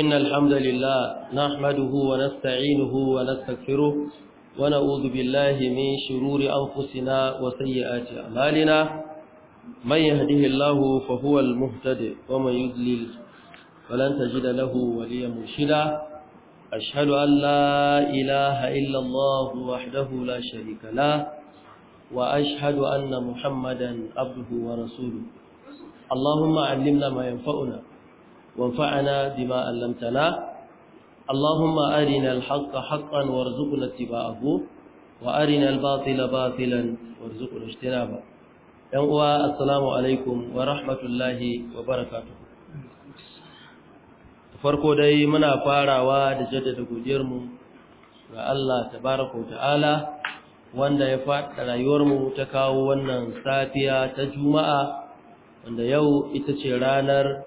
إن الحمد لله نحمده ونستعينه ونستغفره ونعوذ بالله من شرور أنفسنا وسيئات أعمالنا من يهده الله فهو المهتد ومن يضلل فلن تجد له وليا مرشدا أشهد أن لا إله إلا الله وحده لا شريك له وأشهد أن محمدا عبده ورسوله اللهم علمنا ما ينفعنا وانفعنا بما علمتنا اللهم أرنا الحق حقا وارزقنا اتباعه وأرنا الباطل باطلا وارزقنا اجتنابه ينقوى السلام عليكم ورحمة الله وبركاته farko dai muna farawa da jaddada godiyarmu ga Allah tabaraka ta'ala wanda ya faɗa rayuwarmu ta kawo wannan safiya ta juma'a wanda yau ita ce ranar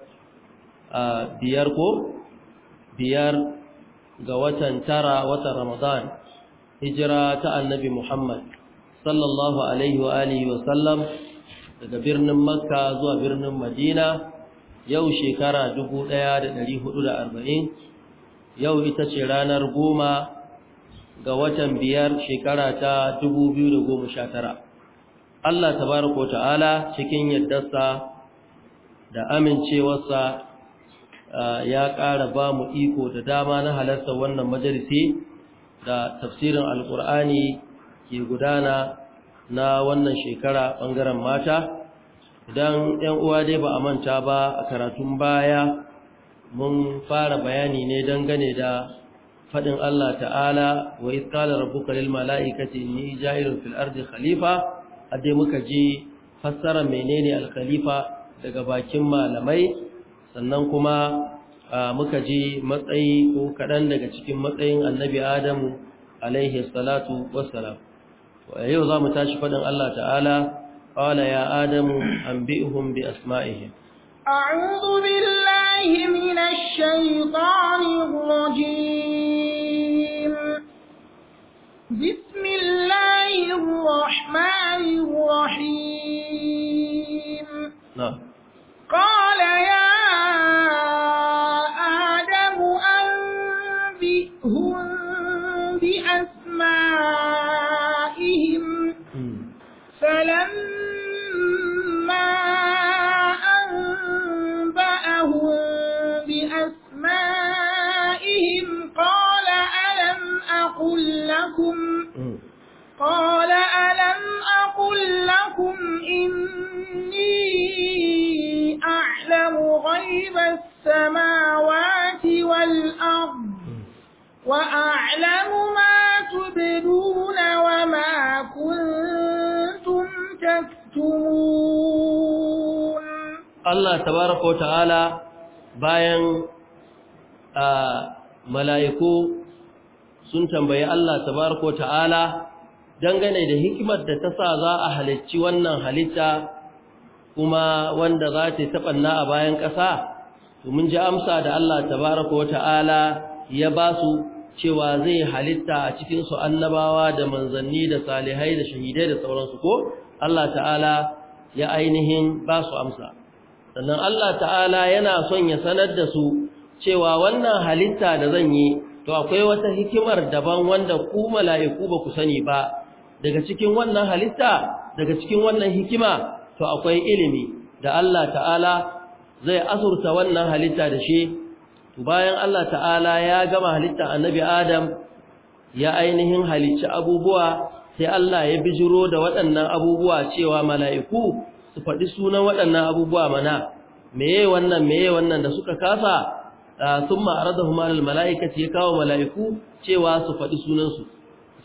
A biyar ko biyar ga watan tara watan ramadan hijira ta annabi muhammad sallallahu alaihi wa alihi wa sallam daga birnin makka zuwa birnin madina yau shekara 1440 yau ita ce ranar goma ga watan biyar shekara ta 2019 Allah tabaraka ta'ala cikin yaddarsa da amincewarsa ya ƙara ba mu iko da dama na halarta wannan majalisi da tafsirin alƙur'ani ke gudana na wannan shekara ɓangaren mata idan 'yan uwa dai ba a manta ba a karatun baya mun fara bayani ne dangane da faɗin Allah ta'ala wa iskala rabbuka lil mala'ikati ni ja’irin fil khalifa a dai muka ji fassara menene al khalifa daga bakin malamai sannan kuma muka ji matsayi ko kaɗan daga cikin matsayin annabi adamu alaihi salatu wassalam yau za mu tashi faɗin Allah ta'ala ƙwala ya adamu an bi'ihun bi asma'ihim أعوذ بالله من الشيطان الرجيم بسم الله الرحمن الرحيم نعم قال يا غيب السماوات والأرض وأعلم ما تبدون وما كنتم تكتمون الله تبارك وتعالى bayan mala'iku sun tambayi Allah tabaraka ta'ala dangane da hikimar da ta sa za a halicci wannan halitta kuma wanda za ta taɓanna a bayan ƙasa to mun ji amsa da Allah tabaraka wata'ala ya ba su cewa zai halitta a cikinsu annabawa da manzanni da salihai da shahidai da sauransu ko Allah ta'ala ya ainihin ba su amsa sannan Allah ta'ala yana son ya sanar da su cewa wannan halitta da zan yi to akwai wata hikimar daban wanda ku mala'iku ba ku sani ba daga cikin wannan halitta daga cikin wannan hikima to akwai ilimi da Allah ta'ala zai asurta wannan halitta da shi bayan Allah ta'ala ya gama halitta annabi Adam ya ainihin halicci abubuwa sai Allah ya bijiro da waɗannan abubuwa cewa mala'iku su faɗi sunan waɗannan abubuwa mana meye wannan meye wannan da suka kasa thumma ma'arar da humarar mala'ikaci ya kawo mala'iku cewa su faɗi sunansu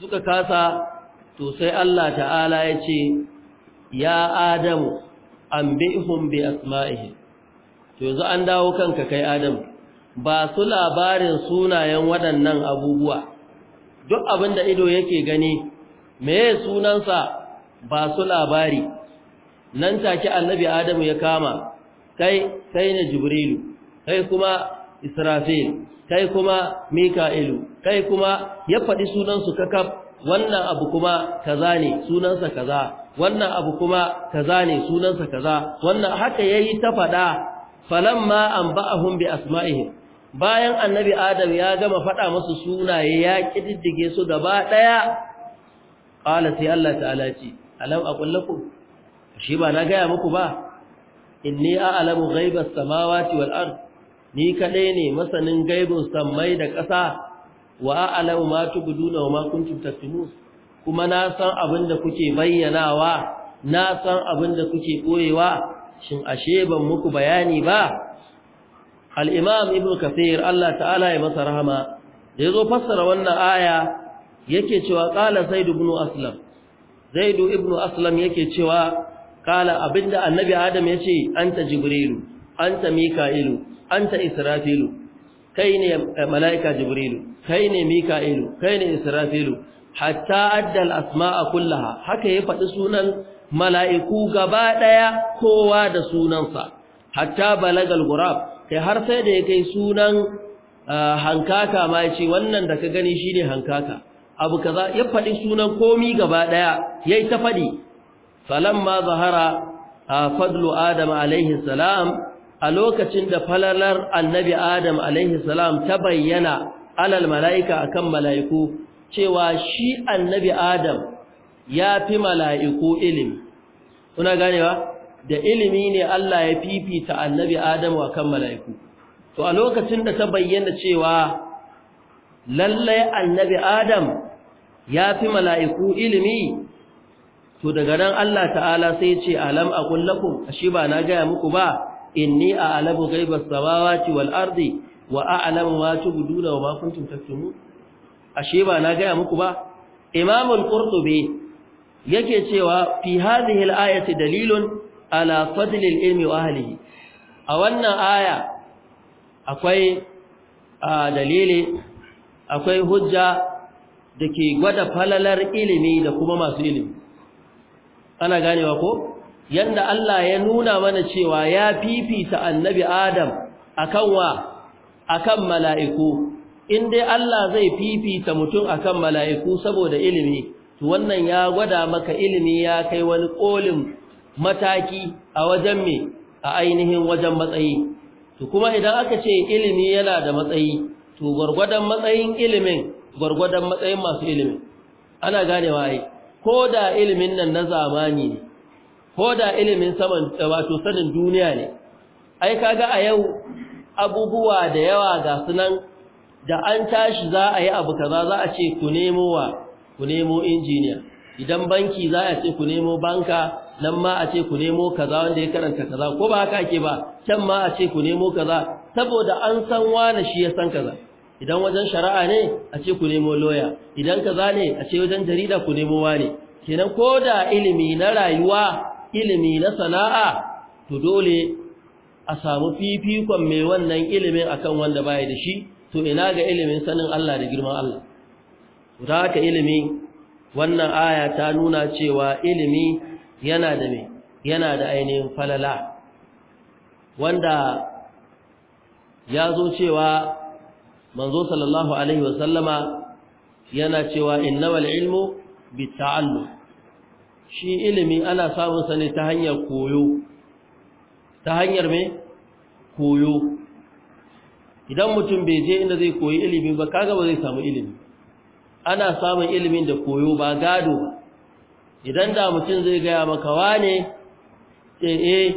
suka kasa to sai Allah ta'ala ya ce ya adamu an bihun bi asma'ihi to yanzu an dawo kanka kai adamu ba su labarin sunayen waɗannan abubuwa duk abin da ido yake gani meye sunansa ba su labari nan take annabi adamu ya kama kai kai ne jibrilu kai kuma israfil kai kuma mika'ilu kai kuma ya faɗi sunansu kakaf wannan abu kuma kaza ne sunansa kaza wannan abu kuma kaza ne sunansa kaza wannan haka yayi ta fada falamma anba'ahum bi asma'ihim bayan annabi adam ya gama fada musu sunaye ya kididdige su gaba daya qala sai Allah ta'ala ce alam aqul lakum shi ba na gaya muku ba inni a'lamu ghaibas samawati wal ard ni kadai ne masanin gaibun samai da ƙasa wa a'lamu ma tubduna wa ma kuntum taktumun kuma na san abin da kuke bayyanawa na san abin da kuke koyewa shin ashe ban muku bayani ba al-imam ibnu kathir Allah ta'ala ya masa rahama da yazo fassara wannan aya yake cewa qala zaid ibn aslam zaid ibn aslam yake cewa qala abinda annabi adam yace anta jibrilu anta mika'ilu anta israfilu kai ne eh, mala'ika jibrilu kai ne mika'ilu kai ne israfilu hatta addal asma'a kullaha haka ya faɗi sunan mala'iku gaba ɗaya kowa da sunansa hatta balagal gurab kai har sai da ya kai sunan ah, hankaka ma ya ce wannan da ka gani shine hankaka abu ka za ya faɗi sunan komi gaba ɗaya ya yi ta faɗi ma zahara ah, fadlu adam alaihi salam a lokacin da falalar annabi adam alaihi salam ta bayyana alal mala'ika akan mala'iku cewa shi annabi adam ya fi mala'iku ilimi kuna ganewa da ilimi ne Allah ya fifita annabi adam akan mala'iku to a lokacin da ta bayyana cewa lallai annabi adam ya fi mala'iku ilimi to daga nan Allah ta'ala sai ce alam a lakum ashi ba na gaya muku ba inni a alabu gaibar samawaci wal ardi wa a'lamu ma tubduna wa ma kuntum taktumu ashe ba na gaya muku ba imam al-qurtubi yake cewa fi hadhihi al-ayati dalilun ala fadli al-ilmi wa ahlihi a wannan aya akwai dalili akwai hujja dake gwada falalar ilimi da kuma masu ilimi ana ganewa ko yanda Allah ya nuna mana cewa ya fifita annabi Adam akan wa akan mala'iku in dai Allah zai fifita mutum akan mala'iku saboda ilimi to wannan ya gwada maka ilimi ya kai wani kolin mataki a wajen me a ainihin wajen matsayi to kuma idan aka ce ilimi yana da matsayi to gurgurdan matsayin ilimin gurgurdan matsayin masu ilimi, ana ganewa ai ko da ilimin nan na zamani ne ko da ilimin saman wato sanin duniya ne ai kaga a yau abubuwa da yawa ga sunan da an tashi za a yi abu kaza za a ce ku nemo wa ku nemo injiniya idan banki za a ce ku nemo banka nan ma a ce ku nemo kaza wanda ya karanta kaza ko ba haka ake ba can ma a ce ku nemo kaza saboda an san wani shi ya san kaza idan wajen shari'a ne a ce ku nemo lawyer idan kaza ne a ce wajen jarida ku nemo wani kenan ko da ilimi na rayuwa ilimi na sana'a to dole a samu fifikon mai wannan ilimin akan wanda baya da shi to ina ga ilimin sanin Allah da girman Allah da haka ilimi wannan aya ta nuna cewa ilimi yana da me yana da ainihin falala wanda ya zo cewa manzo sallallahu alaihi wasallama yana cewa innamal ilmu bitta'allum shi ilimi ana samun sa ne ta hanyar koyo ta hanyar mai koyo idan mutum bai je inda zai koyi ilimi ba kaga ba zai samu ilimi ana samun ilimin da koyo ba gado idan da mutum zai gaya maka wane ce eh, eh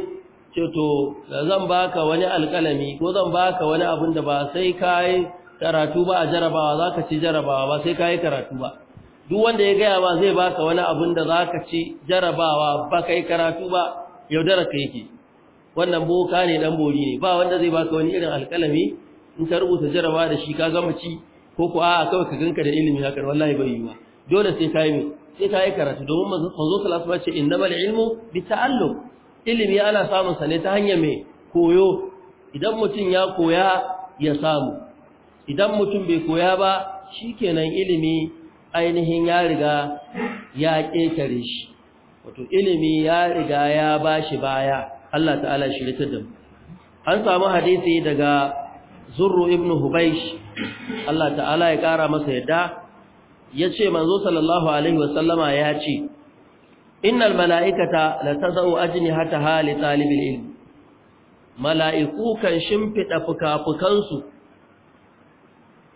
ce to zan baka wani alkalami ko zan baka wani abin da ba sai kai karatu ba a jarabawa ka ci jarabawa ba sai kai karatu ba duk wanda ya gaya ba zai baka wani abin da za ka ci jarabawa ba kai karatu ba yaudara ka yake wannan boka ne dan bori ne ba wanda zai baka wani irin alƙalami in ka rubuta jaraba da shi ka gama ci ko ko a'a kawai ka ganka da ilimi haka wallahi bai yiwa dole sai ka yi sai ka yi karatu domin manzo sallallahu alaihi wasallam ce innamal ilmu bita'allum ilimi ana samun sa ne ta hanyar me koyo idan mutum ya koya ya samu idan mutum bai koya ba shikenan ilimi ainihin ya riga ya ƙetare shi wato ilimi ya riga ya bashi baya Allah ta'ala shi litadin an samu hadisi daga zurru ibn hubaysh Allah ta'ala ya kara masa yadda yace manzo sallallahu alaihi wasallama ya ce innal mala'ikata la tazau ajnihataha hali talibil ilm mala'iku kan shimfida fukafukansu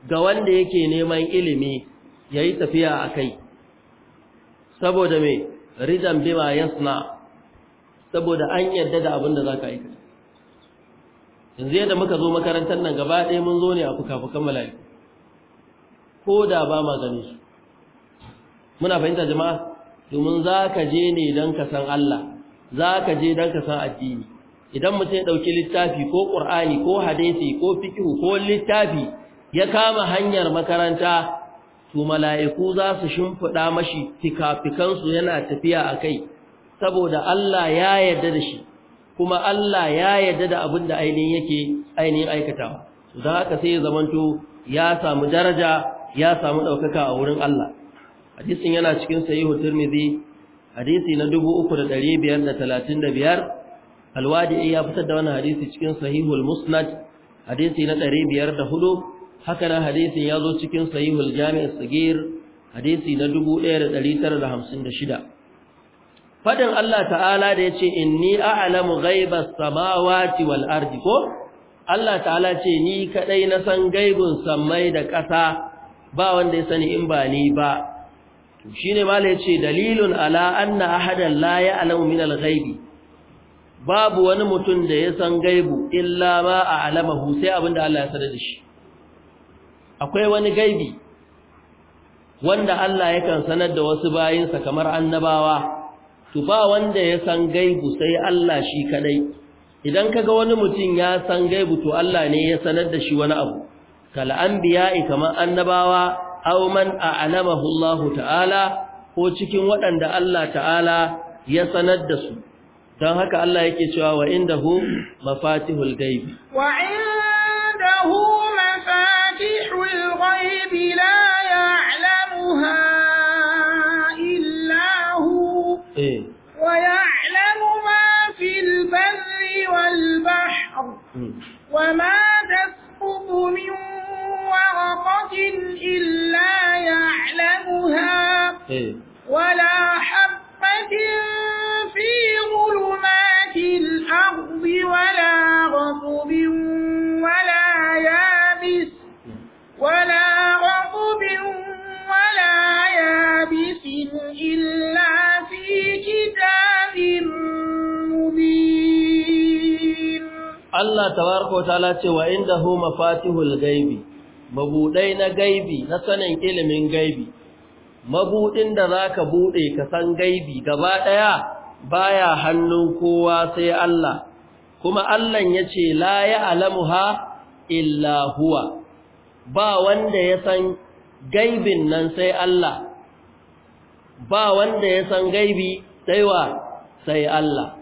ga wanda yake neman ilimi yayi tafiya akai saboda me ridan bima yasna saboda an yarda da abin da za ka aikata yanzu yadda muka zo makarantar nan gaba ɗaya mun zo ne a fuka-fukan mala'iku ko da ba ma gane su muna fahimta jama'a domin za ka je ne don ka san Allah za ka je don ka san addini idan mutum ya ɗauki littafi ko ƙur'ani ko hadisi ko fikihu ko littafi ya kama hanyar makaranta to mala'iku za su shimfiɗa mashi fikafikansu yana tafiya a kai saboda Allah ya yarda da shi kuma Allah ya yarda da abin da ainihin yake ainihin aikatawa don haka sai ya zamanto ya samu daraja ya samu ɗaukaka a wurin Allah hadisin yana cikin sahihu tirmidhi hadisi na 3535 alwadi ya fitar da wannan hadisi cikin sahihul musnad hadisi na 504 haka nan hadisin ya zo cikin sahihul jami' as-sagir hadisi na 1956 fadin Allah ta'ala da yace inni a'lamu ghaibas samawati wal ardi ko Allah ta'ala ce ni kadai na san gaibun samai da ƙasa ba wanda ya sani in ba ni ba to shine malai yace dalilun ala anna ahadan la ya'lamu min al ghaibi babu wani mutum da ya san gaibu illa ma a'lamahu sai abinda Allah ya sanar da shi akwai wani gaibi wanda Allah yakan sanar da wasu bayinsa kamar annabawa to ba wanda ya san gaibu sai Allah shi kadai idan kaga wani mutum ya san gaibu to Allah ne ya sanar da shi wani abu kal anbiya'i kamar annabawa aw man a'lamahu Allah ta'ala ko cikin waɗanda Allah ta'ala ya sanar da su don haka Allah yake cewa wa indahu mafatihul gaibi wa indahu mafatihul gaibi la وما تسقط من ورقة إلا يعلمها إيه. ولا حبة في ظلمات الأرض ولا رطب ولا يابس ولا رطب ولا يابس إلا في كتاب مبين Allah tabaraka wa ta'ala ce wa indahu mafatihul gaibi mabuɗai na gaibi na sanin ilimin gaibi mabuɗin da zaka bude ka san gaibi gaba daya baya hannun kowa sai Allah kuma Allah yace la ya'lamuha illa huwa ba wanda ya san gaibin nan sai Allah ba wanda ya san gaibi sai wa sai Allah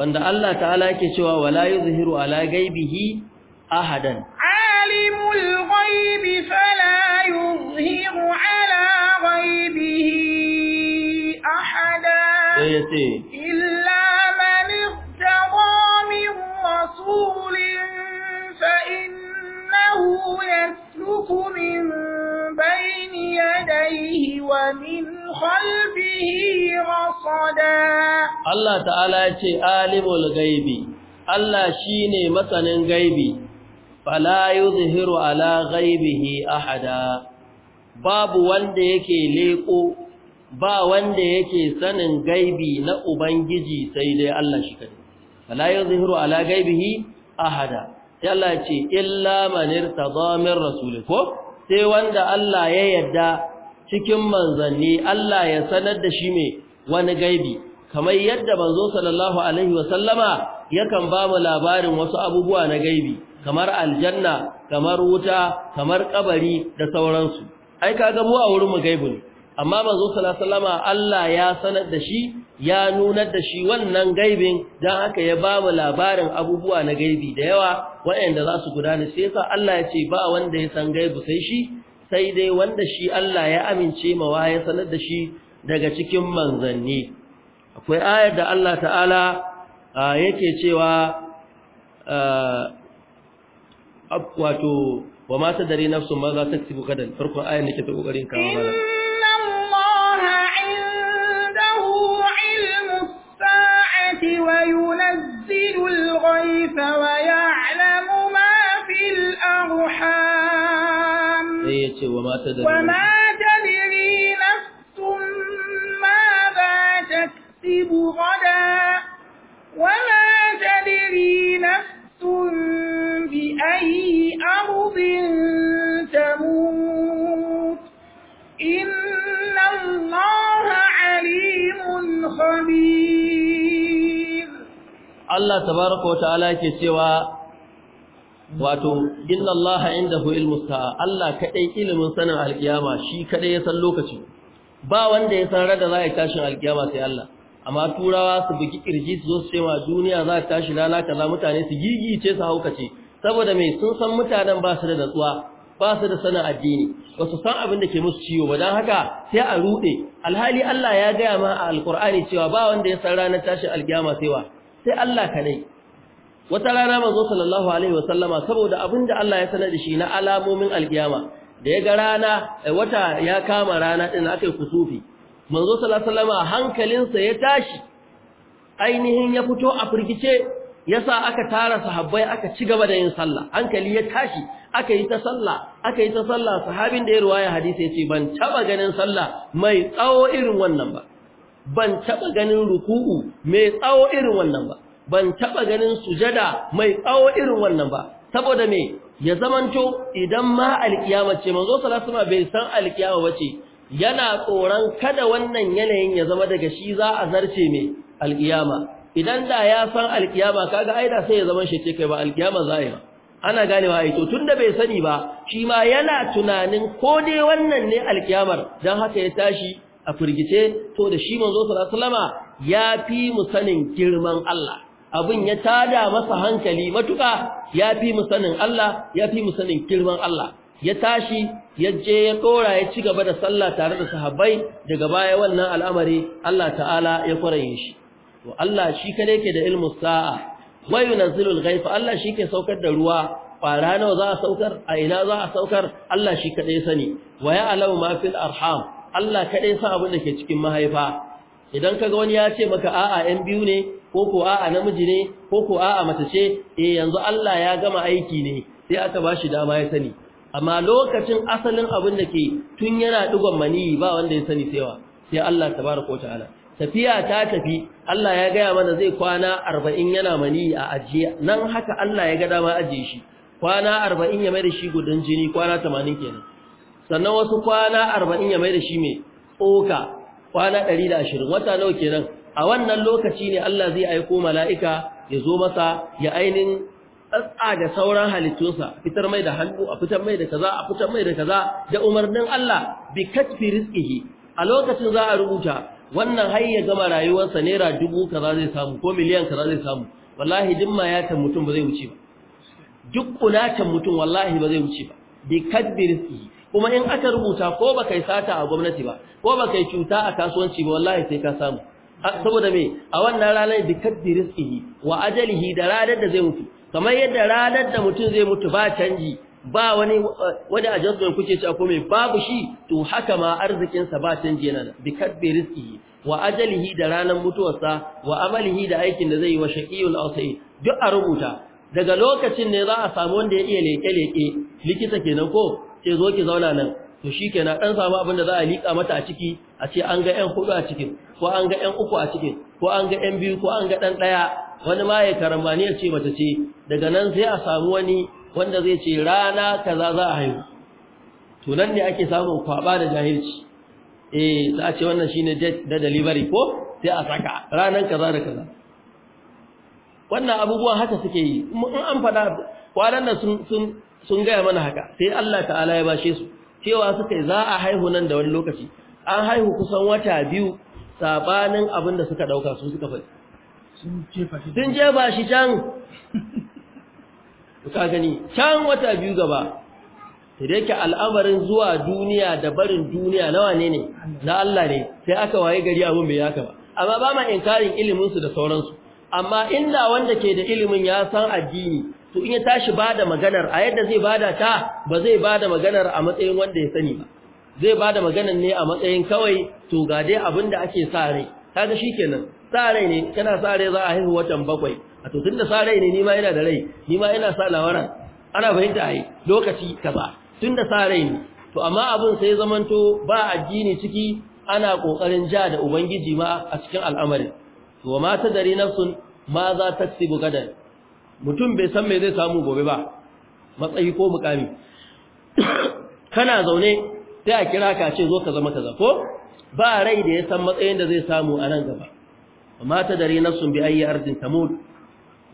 wanda Allah ta'ala yake cewa wala yuzhiru ala gaibihi ahadan alimul ghaibi fala yuzhiru ala ghaibihi ahada sai yace illa man ihtaba min rasulin fa in إنه يسلك من بين يديه ومن خلفه رصدا الله تعالى يتي عالم الغيب الله شيني مثلا غيبي فلا يظهر على غيبه أحدا باب wanda yake leko ba wanda yake sanin gaibi na ubangiji sai dai Allah shi kadai fala yuzhiru ala gaibihi ahada sai ce illa man irtada min ko sai wanda Allah ya yarda cikin manzanni Allah ya sanar da shi me wani gaibi kamar yadda manzo sallallahu alaihi wa sallama yakan ba mu labarin wasu abubuwa na gaibi kamar aljanna kamar wuta kamar kabari da sauransu ai kaga mu a wurin mu gaibi ne amma manzo sallallahu alaihi wa sallama Allah ya sanar da shi ya nunar da shi wannan gaibin don haka ya ba mu labarin abubuwa na gaibi da yawa waɗanda za su gudana sai yasa Allah ya ce ba wanda ya san gaibu sai shi sai dai wanda shi Allah ya amince mawa ya sanar da shi daga cikin manzanni akwai ayar da Allah ta'ala yake cewa wato wa ma tadari nafsun ma za ta tsibu kadan farkon ayar nake ta kokarin kawo mana وينزل الغيث ويعلم ما في الأرحام وما تدري نفس ماذا تكسب غدا وما تدري نفس بأي أرض تموت إن الله عليم خبير Allah tabaraka wa ta'ala yake cewa wato inna Allah indahu ilmus Allah kadai ilimin sanin alkiyama shi kadai ya san lokaci ba wanda ya san rada za ya tashin alkiyama sai Allah amma turawa su bugi kirji su zo su cewa duniya za ta tashi lala kaza mutane su gigice su haukace saboda mai sun san mutanen ba su da natsuwa ba su da sanin addini ba su san abin da ke musu ciwo ba dan haka sai a rude alhali Allah ya gaya ma a alkur'ani cewa ba wanda ya san ranar tashi alkiyama sai wa sai Allah kadai wata rana manzo sallallahu alaihi wasallama saboda abinda Allah ya sanar da shi na alamomin alkiyama da ya ga rana eh, wata ya kama rana din yi kusufi manzo sallallahu alaihi wasallama hankalinsa ya tashi ainihin ya fito a firgice yasa aka tara sahabbai aka ci gaba da yin sallah hankali ya tashi aka yi ta sallah aka yi ta sallah sahabin da ya ruwaya hadisi ce ban taɓa ganin sallah mai tsawo irin wannan ba ban taba ganin ruku'u mai tsawo irin wannan ba ban taba ganin sujada mai tsawo irin wannan ba saboda me ya zamanto idan ma alkiyama ce manzo sallallahu alaihi bai san alkiyama bace yana tsoron kada wannan yanayin ya zama daga shi za a zarce me alkiyama idan da ya san alkiyama kaga aida sai ya zama shi ce kai ba alkiyama za yi ana ganewa ai to tunda bai sani ba shi ma yana tunanin ko dai wannan ne alkiyamar dan haka ya tashi a firgice to da shi manzo sallallahu alaihi wasallam ya fi mu sanin girman Allah abin ya tada masa hankali matuka ya fi mu sanin Allah ya fi mu sanin girman Allah ya tashi ya je ya dora ya ci gaba da sallah tare da sahabbai daga baya wannan al'amari Allah ta'ala ya kwarayin shi to Allah shi kade yake da ilmu sa'a wa yunzilul ghaif Allah shi ke saukar da ruwa kwara nawa za a saukar a ina za a saukar Allah shi kaɗai ya sani wa alamu ma fil arham Allah kaɗai sa abin da ke cikin mahaifa idan kaga wani ya ce maka a'a yan biyu ne ko ko a'a namiji ne ko ko a'a mace ce eh yanzu Allah ya gama aiki ne sai aka bashi dama ya sani amma lokacin asalin abin da ke tun yana ɗigon mani ba wanda ya sani sewa sai Allah tabaraka ta'ala tafiya ta tafi Allah ya gaya mana zai kwana 40 yana mani a ajiya nan haka Allah ya ga dama ajiye shi kwana 40 ya mai da shi gudun jini kwana tamanin kenan sannan wasu kwana arba'in ya mai da shi mai tsoka kwana ɗari da ashirin wata nawa kenan a wannan lokaci ne Allah zai aiko mala'ika ya zo masa ya ainihin tsatsa da sauran halittunsa fitar mai da hannu a fitar mai da kaza a fitar mai da kaza da umarnin Allah bi katfi rizqihi a lokacin za a rubuta wannan har ya gama rayuwarsa naira dubu kaza zai samu ko miliyan kaza zai samu wallahi duk ma can mutum ba zai wuce ba duk kunatan mutum wallahi ba zai wuce ba bi kadbi rizqi kuma in aka rubuta ko baka yi sata a gwamnati ba ko baka yi cuta a kasuwanci ba wallahi sai ka samu saboda me a wannan ranar da kaddi rizqihi wa ajalihi da ranar da zai mutu kamar yadda ranar da mutum zai mutu ba canji ba wani wani adjustment kuke ci ko me babu shi to haka ma arzikin sa ba canji yana bi kaddi rizqihi wa ajalihi da ranar mutuwarsa wa amalihi da aikin da zai yi wa shaqiyul ausa'i, duk a rubuta daga lokacin ne za a samu wanda ya iya leke leke likita kenan ko sai zo ki zauna nan to shikenan dan samu abin da za a lika mata a ciki a ce an ga ɗan hudu a cikin ko an ga ɗan uku a cikin ko an ga ɗan biyu ko an ga ɗan ɗaya wani ma ya karambani ya ce mata ce daga nan sai a samu wani wanda zai ce rana kaza za a haihu to nan ne ake samun kwaba da jahilci eh za a ce wannan shine da delivery ko sai a saka ranan kaza da kaza wannan abubuwan haka suke yi in an faɗa kwanan nan sun sun sun gaya mana haka sai Allah ta'ala ya bashe su cewa suka za a haihu nan da wani lokaci an haihu kusan wata biyu sabanin abin da suka dauka su suka faɗi sun je ba shi can ka gani can wata biyu gaba sai ke al'amarin zuwa duniya da barin duniya nawa ne ne na Allah ne sai aka waye gari abin bai haka ba amma ba ma inkarin iliminsu da sauransu amma inda wanda ke da ilimin ya san addini to in ya tashi bada maganar a yadda zai bada ta ba zai bada maganar a matsayin wanda ya sani ba zai bada maganar ne a matsayin kawai to ga dai abin ake sa rai kaga shikenan sa rai ne kana sa rai za a haihu watan bakwai a to tunda sa rai ne ni ma yana da rai ni ma yana sa lawaran ana fahimta ai lokaci kaza tunda sa rai ne to amma abin sai zamanto ba addini ciki ana kokarin ja da ubangiji ma a cikin al'amarin to ma tadari nafsun ma za ta tsibu gadan mutum bai san me zai samu gobe ba matsayi ko mukami kana zaune sai a kira ka ce zo ka zama kaza ko ba rai da ya san matsayin da zai samu a nan gaba amma ta dare sun bi ayi ardin tamud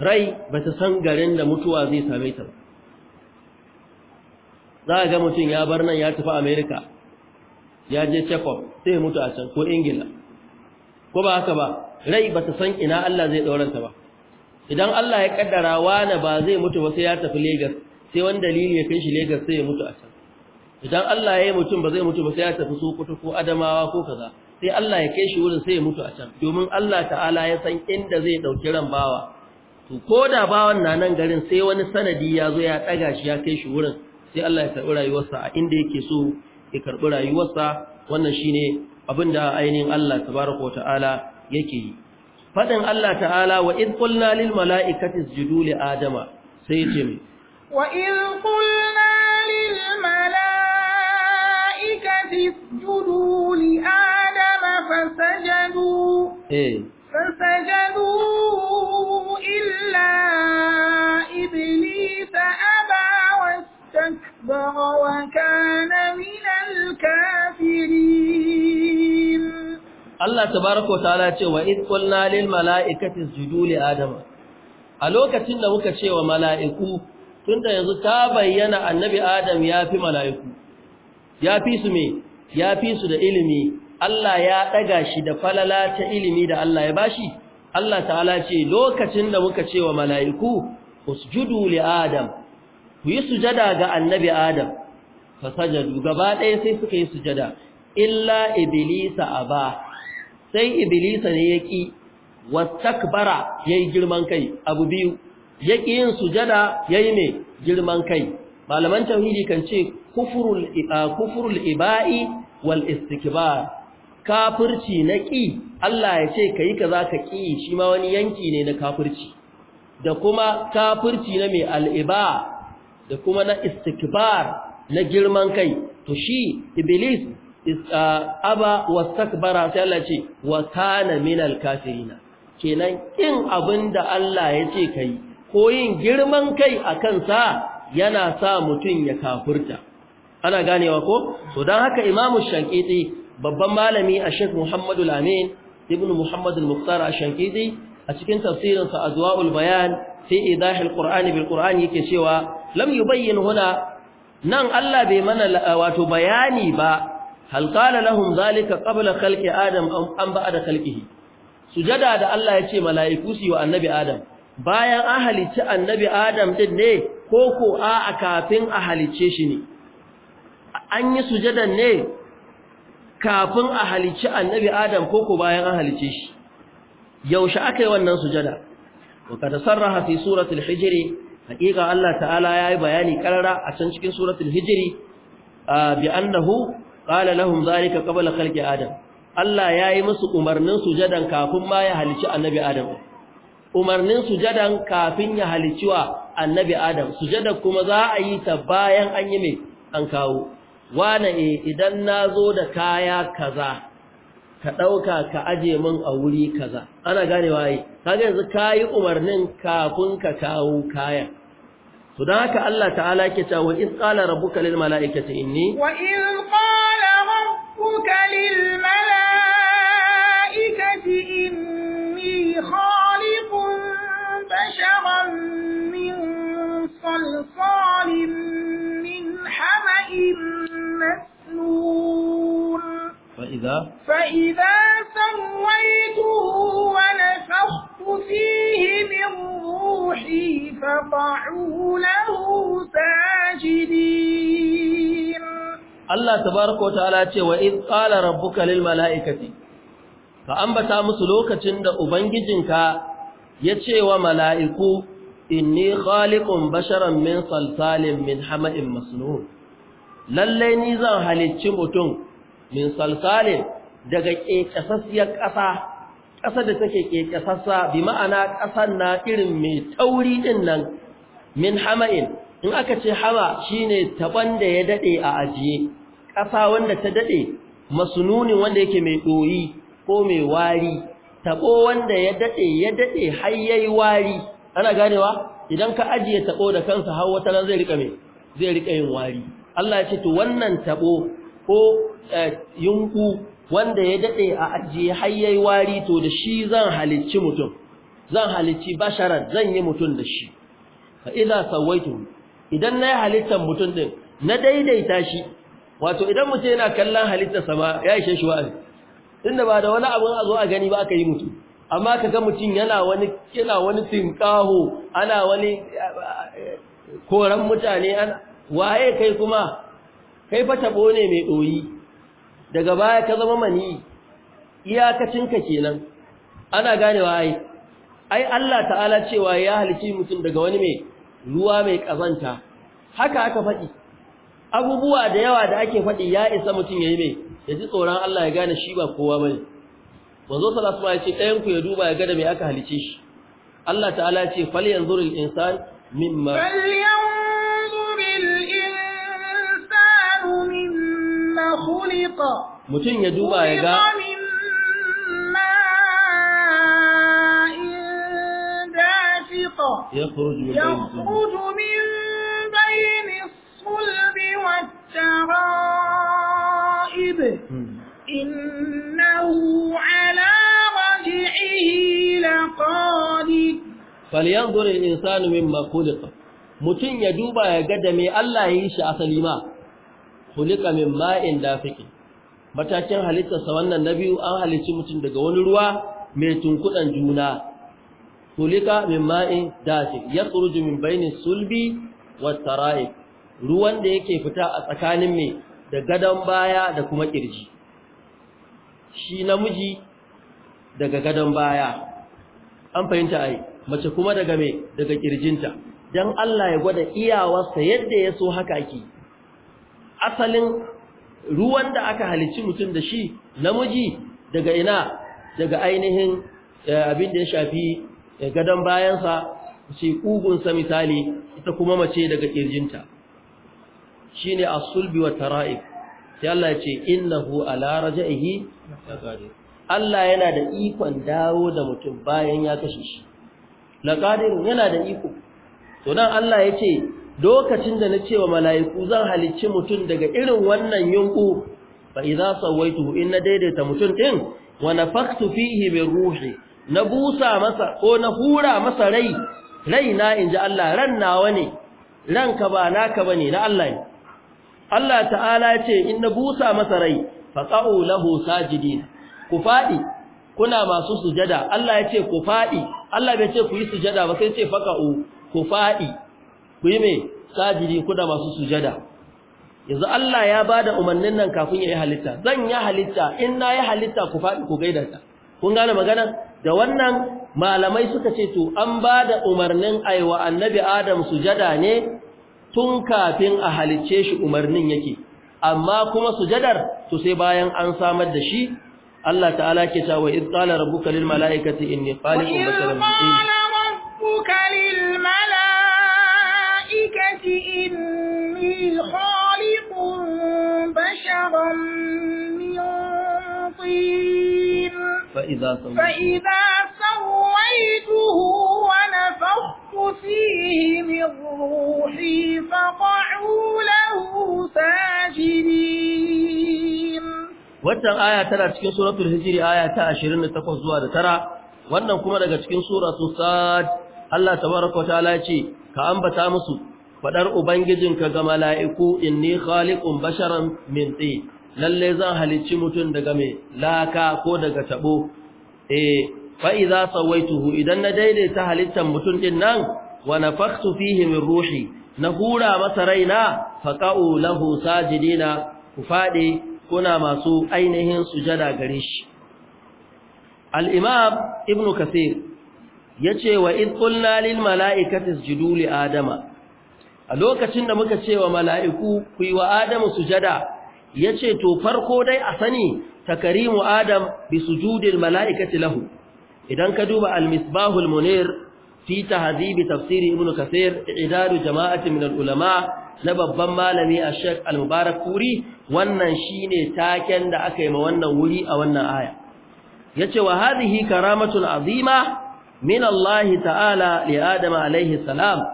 rai ba ta san garin da mutuwa zai same ta za ga mutum ya bar nan ya tafi america ya je check sai mutu a can ko ingila ko ba haka ba rai ba ta san ina allah zai ɗauranta ba idan Allah ya kaddara wani ba zai mutu ba sai ya tafi Lagos sai wani dalili ya kai shi Lagos sai ya mutu a can idan Allah ya yi mutum ba zai mutu ba sai ya tafi Sokoto ko Adamawa ko kaza sai Allah ya kai shi wurin sai ya mutu a can domin Allah ta'ala ya san inda zai dauki ran bawa to koda bawan na nan garin sai wani sanadi ya zo ya daga shi ya kai shi wurin sai Allah ya karbi rayuwarsa a inda yake so ya karbi rayuwarsa wannan shine abinda ainihin Allah tabaraka wa ta'ala yake yi فدن الله تعالى وإذ قلنا للملائكة اسجدوا لآدم سيجم وإذ قلنا للملائكة اسجدوا لآدم فسجدوا إيه؟ فسجدوا إلا إبليس أبى واستكبر وكان من الكافرين Allah tabaraka wa ta'ala ce wa id qulna lil mala'ikati isjudu li adam a lokacin da muka ce wa mala'iku tunda yanzu ta bayyana annabi adam ya fi mala'iku ya fi su me ya su da ilimi Allah ya ɗaga shi da falala ta ilimi da Allah ya bashi Allah ta'ala ce lokacin da muka ce wa mala'iku usjudu li adam ku yi sujada ga annabi adam fasajadu gaba ɗaya sai suka yi sujada illa iblisa aba sai iblisa ne yaki wastakbara yayi girman kai abu biyu yaki yin sujada yayi ne girman kai malaman tauhidi kan ce kufrul kufrul ibai wal istikbar kafirci na ƙi Allah ya ce ka yi ka za ka ƙi shi ma wani yanki ne na kafirci da kuma kafirci na mai al'iba da kuma na istikbar na girman kai to shi iblis Uh, aba wastakbara sai Allah ce wa kana minal kafirina kenan kin abinda Allah ya ce kai ko yin girman kai akan sa yana sa mutun ya kafirta ana ganewa ko to dan haka Imam Shankiti babban malami a Sheikh Muhammad Al-Amin ibn Muhammad Al-Muqtar Shankiti a cikin tafsirin sa Azwaul Bayan fi idah al-Qur'ani bil Qur'ani yake cewa lam yubayyin huna nan Allah bai mana wato bayani ba hal qala lahum zalika qabla khalqi adam am ba'da khalqihi sujada da Allah ya ce mala'iku su wa annabi adam bayan an halicci annabi adam din ne ko ko a kafin a halicce shi ne an yi sujadan ne kafin a halicci annabi adam koko bayan an halicce shi yaushe aka yi wannan sujada وقد صرح في سورة الحجر حقيقة الله تعالى يأي بياني كرر عشان شكين سورة الهجر بأنه qala lahum zalika qabla khalqi adam Allah ya musu umarnin sujadan kafin ma ya halici annabi Adam. Umarnin sujadan kafin ya haliciwa annabi Adam, sujadan kuma za a yi ta bayan an yi mai an kawo. Wane e idan na da kaya kaza, ka ɗauka ka aje min a wuri kaza. Ana gane waye, kaga yanzu ka umarnin kafin ka kawo kaya To dan haka Allah ta'ala ke cewa in qala rabbuka lil mala'ikati inni wa in qala ربك للملائكة إني خالق بشرا من صلصال من حمأ مسنون فإذا فإذا سويته ونفخت فيه من روحي فقعوا له ساجدين Allah tabaraka ta'ala ce wa in qala rabbuka lil mala'ikati ka ambata musu lokacin da ubangijinka ya ce wa mala'iku inni khaliqun basharan min salsalin min hama'in masnun lalle ni zan halicci mutum min salsalin daga kekasassiyar ƙasa ƙasa da take kekasassa bi ma'ana ƙasan na irin mai tauri din nan min hama'in in aka ce haba shine taban da ya dade a ajiye ƙasa wanda ta dade masununin wanda yake mai doyi ko mai wari tabo wanda ya dade ya dade har yayi wari ana ganewa idan ka ajiye tabo da kansa har wata ran zai rika mai zai rika yin wari Allah ya ce to wannan tabo ko eh, yunku wanda ya dade a ajiye har yayi wari to da shi zan halicci mutum zan halicci basharan zan yi mutum da shi fa idza sawaitu idan na yi halittar mutum ɗin na daidaita shi wato idan mutum yana kallon halittar sama, ya ishe shi wa'azi inda ba da wani abin a zo a gani ba aka yi mutum amma ka ga mutum yana wani yana wani tinkaho ana wani koran mutane waye kai kuma kai fa tabo ne mai doyi daga baya ka zama mani iyakacinka kenan ana ganewa ai ai Allah ta'ala cewa ya halici mutum daga wani mai ruwa mai kazanta haka aka faɗi abubuwa da yawa da ake faɗi ya isa mutum yayi mai ya ji tsoron Allah ya gane shi ba kowa bane manzo sallallahu alaihi wasallam ya ya duba ya gada da me aka halice shi Allah ta'ala ya ce fal yanzurul insan mimma fal insanu mimma khuliqa mutum ya duba ya ga يخرج من, يخرج من بين الصلب والترائب إنه على رجعه لقادر فلينظر الإنسان مما خلق متن ya يقدمي ya ga سليما خلق من ماء دافك shi asali ma matakin halittarsa wannan na biyu an halicci mutum daga wani ruwa mai tunkudan juna kulika min ma'in dasin yakhruju min baini sulbi wata rai. ruwan da yake fita a tsakanin me da gadon baya da kuma kirji shi namiji daga gadon baya an fahimta ai mace kuma daga me daga kirjinta dan Allah ya gwada iyawarsa yadda ya so haka ake asalin ruwan da aka halicci mutum da shi namiji daga ina daga ainihin eh, abin da ya shafi ya eh, gadon bayansa ce ƙugunsa misali ita kuma mace daga ƙirjinta shi ne a sulbi wa tara'ik sai Allah ce innahu ala raja'ihi Allah yana da ikon dawo da mutum bayan ya kashe shi laqadir yana da iko to nan Allah ya ce lokacin da na cewa mala'iku zan halicci mutum daga irin wannan yunku fa idza sawaituhu inna daidaita mutum din wa faktu fihi bi ruhi na busa masa ko na hura masa rai raina in ji Allah ran nawa ne ranka ba naka ba ne na Allah ne Allah ta'ala ce in na busa masa rai faƙa'u lahu sajidina ku faɗi kuna masu sujada Allah ya ce ku faɗi Allah bai ce ku yi sujada ba sai ce faƙa'u ku faɗi ku yi me sajidi kuna masu sujada yanzu Allah ya ba da umarnin nan kafin ya yi halitta zan yi halitta in na yi halitta ku faɗi ku gaida ta kun gane magana da wannan malamai suka ce to an ba da umarnin aiwa annabi adam sujada ne tun kafin a halicce shi umarnin yake amma kuma sujadar to sai bayan an samar da shi Allah ta'ala ke cewa idh qala rabbuka lil mala'ikati inni khaliqun basharan min طين فإذا سويته فإذا ونفخت فيه من روحي فقعوا له ساجدين wannan aya tana cikin suratul hijri aya ta 28 zuwa da tara wannan kuma daga cikin suratu sad Allah tabaaraka wataala ce ka ambata musu fadar ubangijinka ga mala'iku inni khaliqun basharan min tin lalle zan halicci mutum daga mai laka ko daga tabo eh fa idza sawaituhu idan na daidaita halittar mutum din nan wa nafakhtu fihi min ruhi na hura masa raina faqa'u lahu sajidina ku fade kuna masu ainihin sujada gare shi al-imam ibnu kathir yace wa id qulna lil mala'ikati isjudu li adama a lokacin da muka ce wa mala'iku ku yi wa adamu sujada yace to farko dai a sani ta Karimu adam bi sujudil malaikati lahu idan ka duba al-misbahul munir fi tahdhib tafsir ibn kathir idadu jama'atin min ulama na babban malami a Sheikh Al-Mubarak Kuri wannan shine taken da aka yi ma wannan wuri a wannan aya yace wa hadhihi karamatun azima min ta'ala li Adam alayhi salam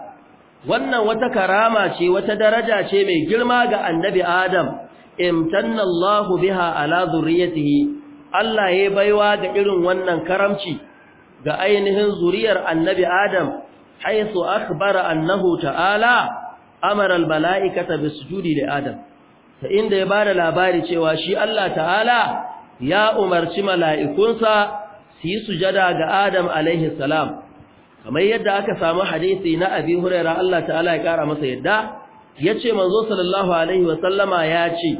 wannan wata karama ce wata daraja ce mai girma ga Annabi Adam imtanna Allah biha ala zurriyatihi Allah ya baiwa ga irin wannan karamci ga ainihin zuriyar annabi Adam haythu akhbara annahu ta'ala amara almalaikata bisujudi li Adam ta inda ya bada labari cewa shi Allah ta'ala ya umarci mala'ikunsa su yi sujada ga Adam alaihi salam kamar yadda aka samu hadisi na Abi Hurairah Allah ta'ala ya kara masa yadda yace manzo sallallahu alaihi wa sallama yace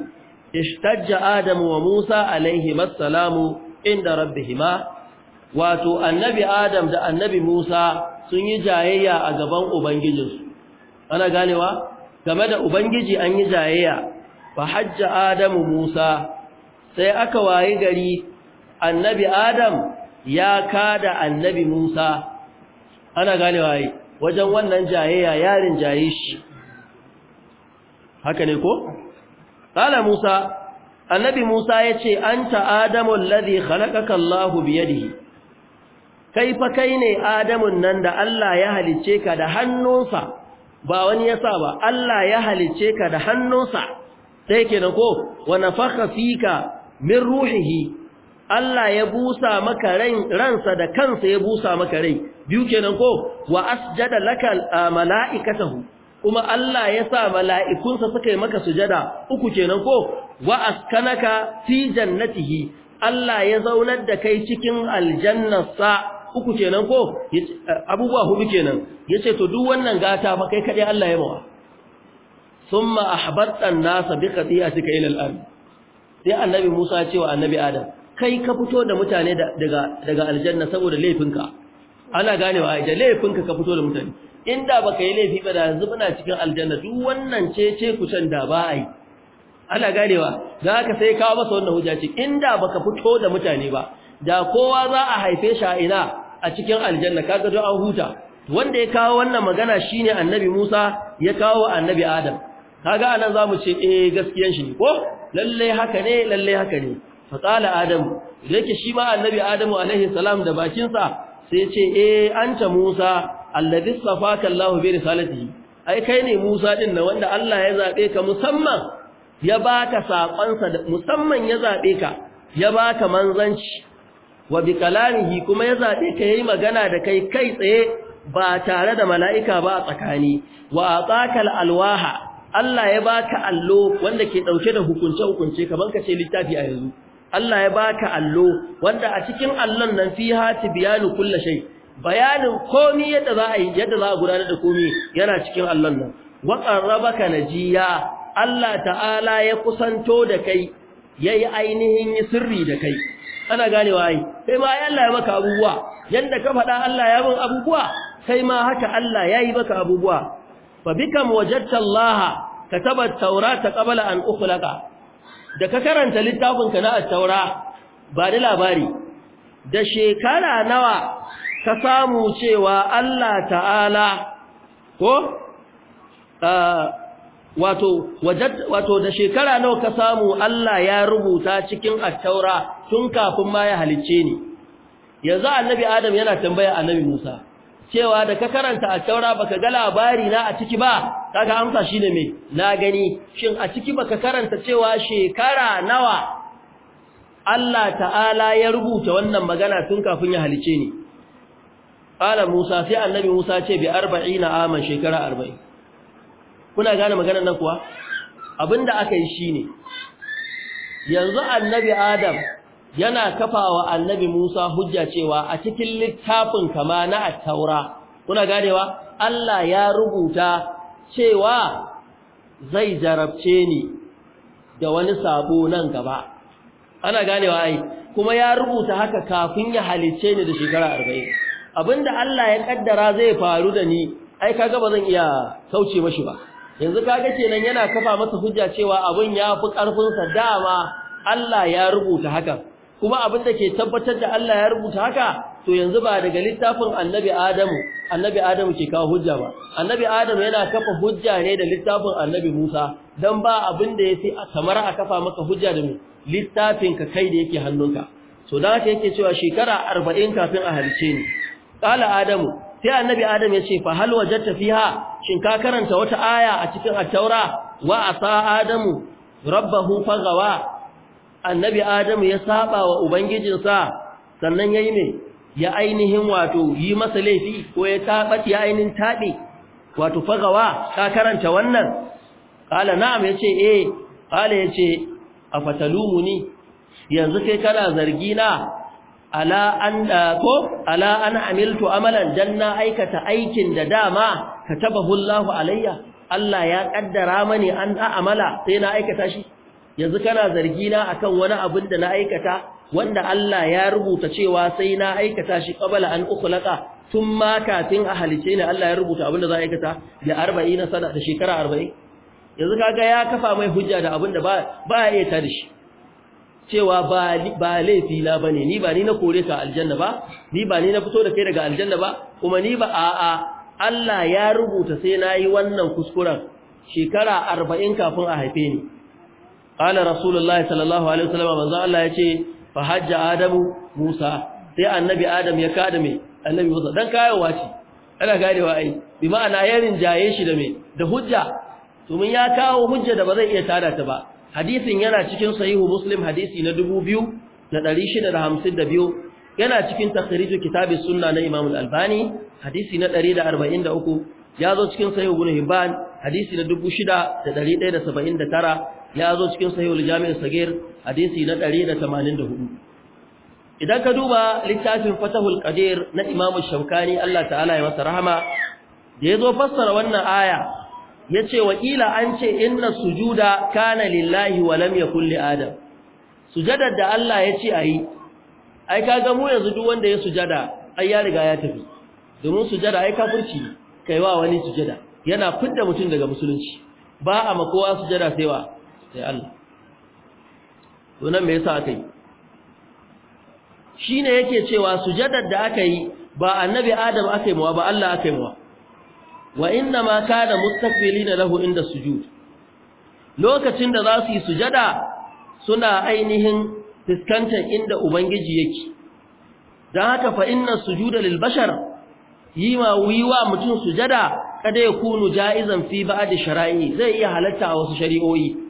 ishtajja adam wa musa alaihi assalamu inda rabbihima wato annabi adam da annabi musa sun yi jayayya a gaban ubangijinsu ana ganewa game da ubangiji an yi jayayya fa hajja adamu musa sai aka wayi gari annabi adam ya kada annabi musa ana ganewa wajen wannan jayayya yarin jaye shi haka ne ko qala musa annabi musa yace anta adamu alladhi khalaqaka allah biyadihi kai fa kai ne adamun nan da allah ya halice ka da hannunsa ba wani yasa ba allah ya halice ka da hannunsa sai da ko wa nafakha fika min ruhihi Allah ya busa maka ransa da kansa ya busa maka rai biyu kenan ko wa asjada laka mala'ikatahu kuma Allah ya sa mala'ikunsa suka yi maka sujada uku kenan ko wa askanaka fi jannatihi Allah ya zaunar da kai cikin aljannarsa uku kenan ko eh, abubuwa hudu kenan ce to duk wannan gata fa kai kaɗe Allah ya bawa a ahbatta ɗan nasa bi a suka yi lal’ar sai annabi Musa cewa wa annabi Adam kai ka fito da mutane daga aljanna saboda laifinka ana ganewa da laifinka ka fito da mutane inda baka yi laifi ba da yanzu muna cikin aljanna duk wannan cece kucen da ba a yi ana ganewa za ka sai kawo masa wannan hujja ce inda baka fito da mutane ba da kowa za a haife shi a ina a cikin aljanna kaga gado an huta wanda ya kawo wannan magana shine annabi Musa ya kawo annabi Adam kaga anan zamu ce eh gaskiyan shi ko lalle haka ne lalle haka ne fa qala adam yake shi ma annabi Adamu alaihi salam da bakin sa sai ce eh anta Musa alladhi safaka Allahu bi risalatihi ai kai ne Musa din na wanda Allah ya zabe ka musamman ya baka sakonsa musamman ya zabe ka ya baka manzanci wa bi kalamihi kuma ya zabe ka yayi magana da kai kai tsaye ba tare da mala'ika ba a tsakani wa ataka alwaha Allah ya baka allo wanda ke dauke da hukunce hukunce kaman ka ce littafi a yanzu Allah ya baka allo wanda a cikin allon nan fiha tibyanu kulli shay bayanin komi yadda za a yi yadda za a gudanar da komi yana cikin allon nan wa qarrabaka najiya Allah ta'ala ya kusanto da kai yayi ainihin yi sirri da kai ana ganewa ai sai ma Allah ya maka abubuwa yanda ka faɗa Allah ya min abubuwa Sai ma haka Allah yayi maka abubuwa fa bikam wajadta Allah katabat tawrata qabla an ukhlaqa da ka karanta littafinka na attaura ba da labari da shekara nawa ka samu cewa Allah ta'ala ko ah, wato wato da shekara nawa ka samu Allah ya rubuta cikin attaura tun kafin ma ya halicce ni yanzu annabi Adam yana tambaya annabi Musa cewa da ka karanta a taura ka ga labari na a ciki ba kaga amsa shi shine me na gani shin a ciki baka karanta cewa shekara nawa Allah ta'ala ya rubuta wannan magana tun kafin ya halice ni qala Musa sai annabi Musa ce bi 40 aman shekara 40 kuna gane maganar nan kuwa abinda aka yi shine yanzu annabi Adam yana kafawa annabi Musa hujja cewa a cikin littafin kama na taura, kuna Allah ya rubuta cewa zai jarabce ni da wani sabo nan gaba ana ganewa ai kuma ya rubuta haka kafin ya halice ni da shekara 40 abinda Allah ya kaddara zai faru da ni ai kaga ba zan iya kauce mashi ba yanzu kaga kenan yana kafa masa hujja cewa abin ya fi karfin sa dama Allah ya rubuta hakan kuma abin da ke tabbatar da Allah ya rubuta haka to yanzu ba daga littafin annabi Adamu annabi Adamu ke kawo hujja ba annabi adam yana kafa hujja ne da littafin annabi Musa dan ba abin da yafi kamar a kafa maka hujja da mu littafin ka kai da yake hannunka so da haka yake cewa shekara 40 kafin a halice ni qala Adamu sai annabi adam ya ce fa hal wajadta fiha shin ka karanta wata aya a cikin at-taura wa asa Adamu rabbahu gawa. annabi adamu ya saba wa ubangijinsa sannan yayi ne ya ainihin wato yi masa laifi ko ya tabaci ya ainihin tabe wato fagawa ka karanta wannan qala na'am yace eh a yace afatalumuni yanzu sai kana zargi na ala an ko ala an amiltu amalan janna aikata aikin da dama ka katabahu Hullahu alayya Allah ya ƙaddara mani an amala sai na aikata shi yanzu kana zargi na akan wani abin da na aikata wanda Allah ya rubuta cewa sai na aikata shi qabala an ukhlaqa tun ma kafin a halice ne Allah ya rubuta abin da za a aikata da 40 na sana da shekara 40 yanzu kaga ya kafa mai hujja da abin da ba ba ya ta shi cewa ba ba laifi la bane ni ba ni na kore ka aljanna ba ni ba ni na fito da kai daga aljanna ba kuma ni ba a'a Allah ya rubuta sai na yi wannan kuskuren shekara 40 kafin a haife ni qala rasulullahi sallallahu alaihi wasallam manzo Allah yace fa hajja adamu musa sai annabi adam ya kada me annabi musa dan kayowa ce ana gadewa ai bi ma'ana yarin jaye shi da me da hujja to mun ya kawo hujja da ba zai iya tada ta ba hadisin yana cikin sahihu muslim hadisi na 2652 yana cikin takhriju kitabis sunna na imam al-albani hadisi na 143 ya zo cikin sahihu ibn hibban hadisi na 6179 ya zo cikin sahihul jami'in sagir hadisi na 184 idan ka duba littafin fatahul qadir na imamu shaukani Allah ta'ala ya masa rahama da ya zo fassara wannan aya yace ce waƙila an ce inna sujuda kana lillahi wa lam yakul li adam Sujada da Allah ya ce ayi ai kaga mu yanzu duk wanda ya sujada ai ya riga ya tafi domin sujada ai kafirci kaiwa wani sujada yana fidda mutum daga musulunci ba a makowa sujada saiwa. sai Allah to nan me yasa aka yi shine yake cewa sujadar da aka yi ba annabi adam aka yi ba Allah aka yi muwa wa inna ma kana mustaqbilina lahu inda ju. lokacin da za su yi sujada suna ainihin fuskantar inda ubangiji yake dan haka fa inna sujuda yi bashar yima wiwa mutum sujada kada ya kunu jaizan fi ba'd shara'i zai iya halatta a wasu shari'o'i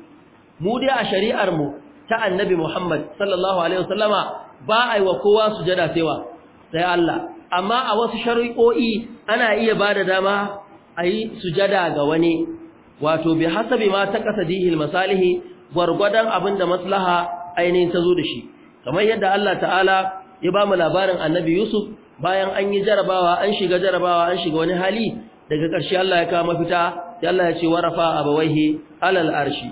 mu dai a shari'ar mu ta annabi Muhammad sallallahu alaihi wasallama ba a yi wa kowa sujada saiwa sai Allah amma a wasu shari'o'i ana iya bada dama a yi sujada ga wani wato bi hasabi ma ta kasadihi masalihi gwargwadon abin maslaha ainihin ta zo da shi kamar yadda Allah ta'ala ya ba mu labarin annabi Yusuf bayan an yi jarabawa an shiga jarabawa an shiga wani hali daga ƙarshe Allah ya kawo mafita sai Allah ya ce warafa abawaihi alal arshi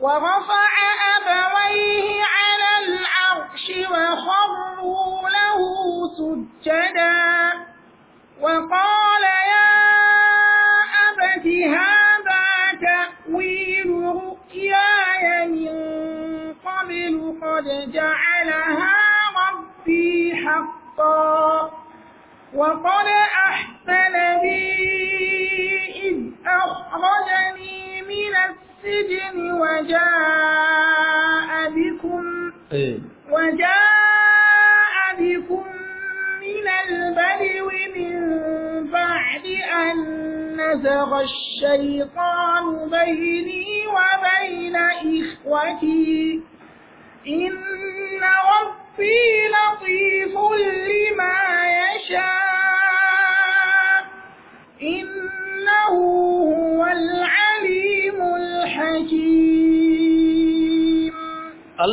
ورفع أبويه على العرش وخروا له سجدا وقال يا أبت هذا تأويل رؤياي من قبل قد جعلها ربي حقا وقد أحسن بي إذ أخرجني من السجن السجن وجاء بكم إيه. وجاء بكم من البلو من بعد أن نزغ الشيطان بيني وبين إخوتي إن رب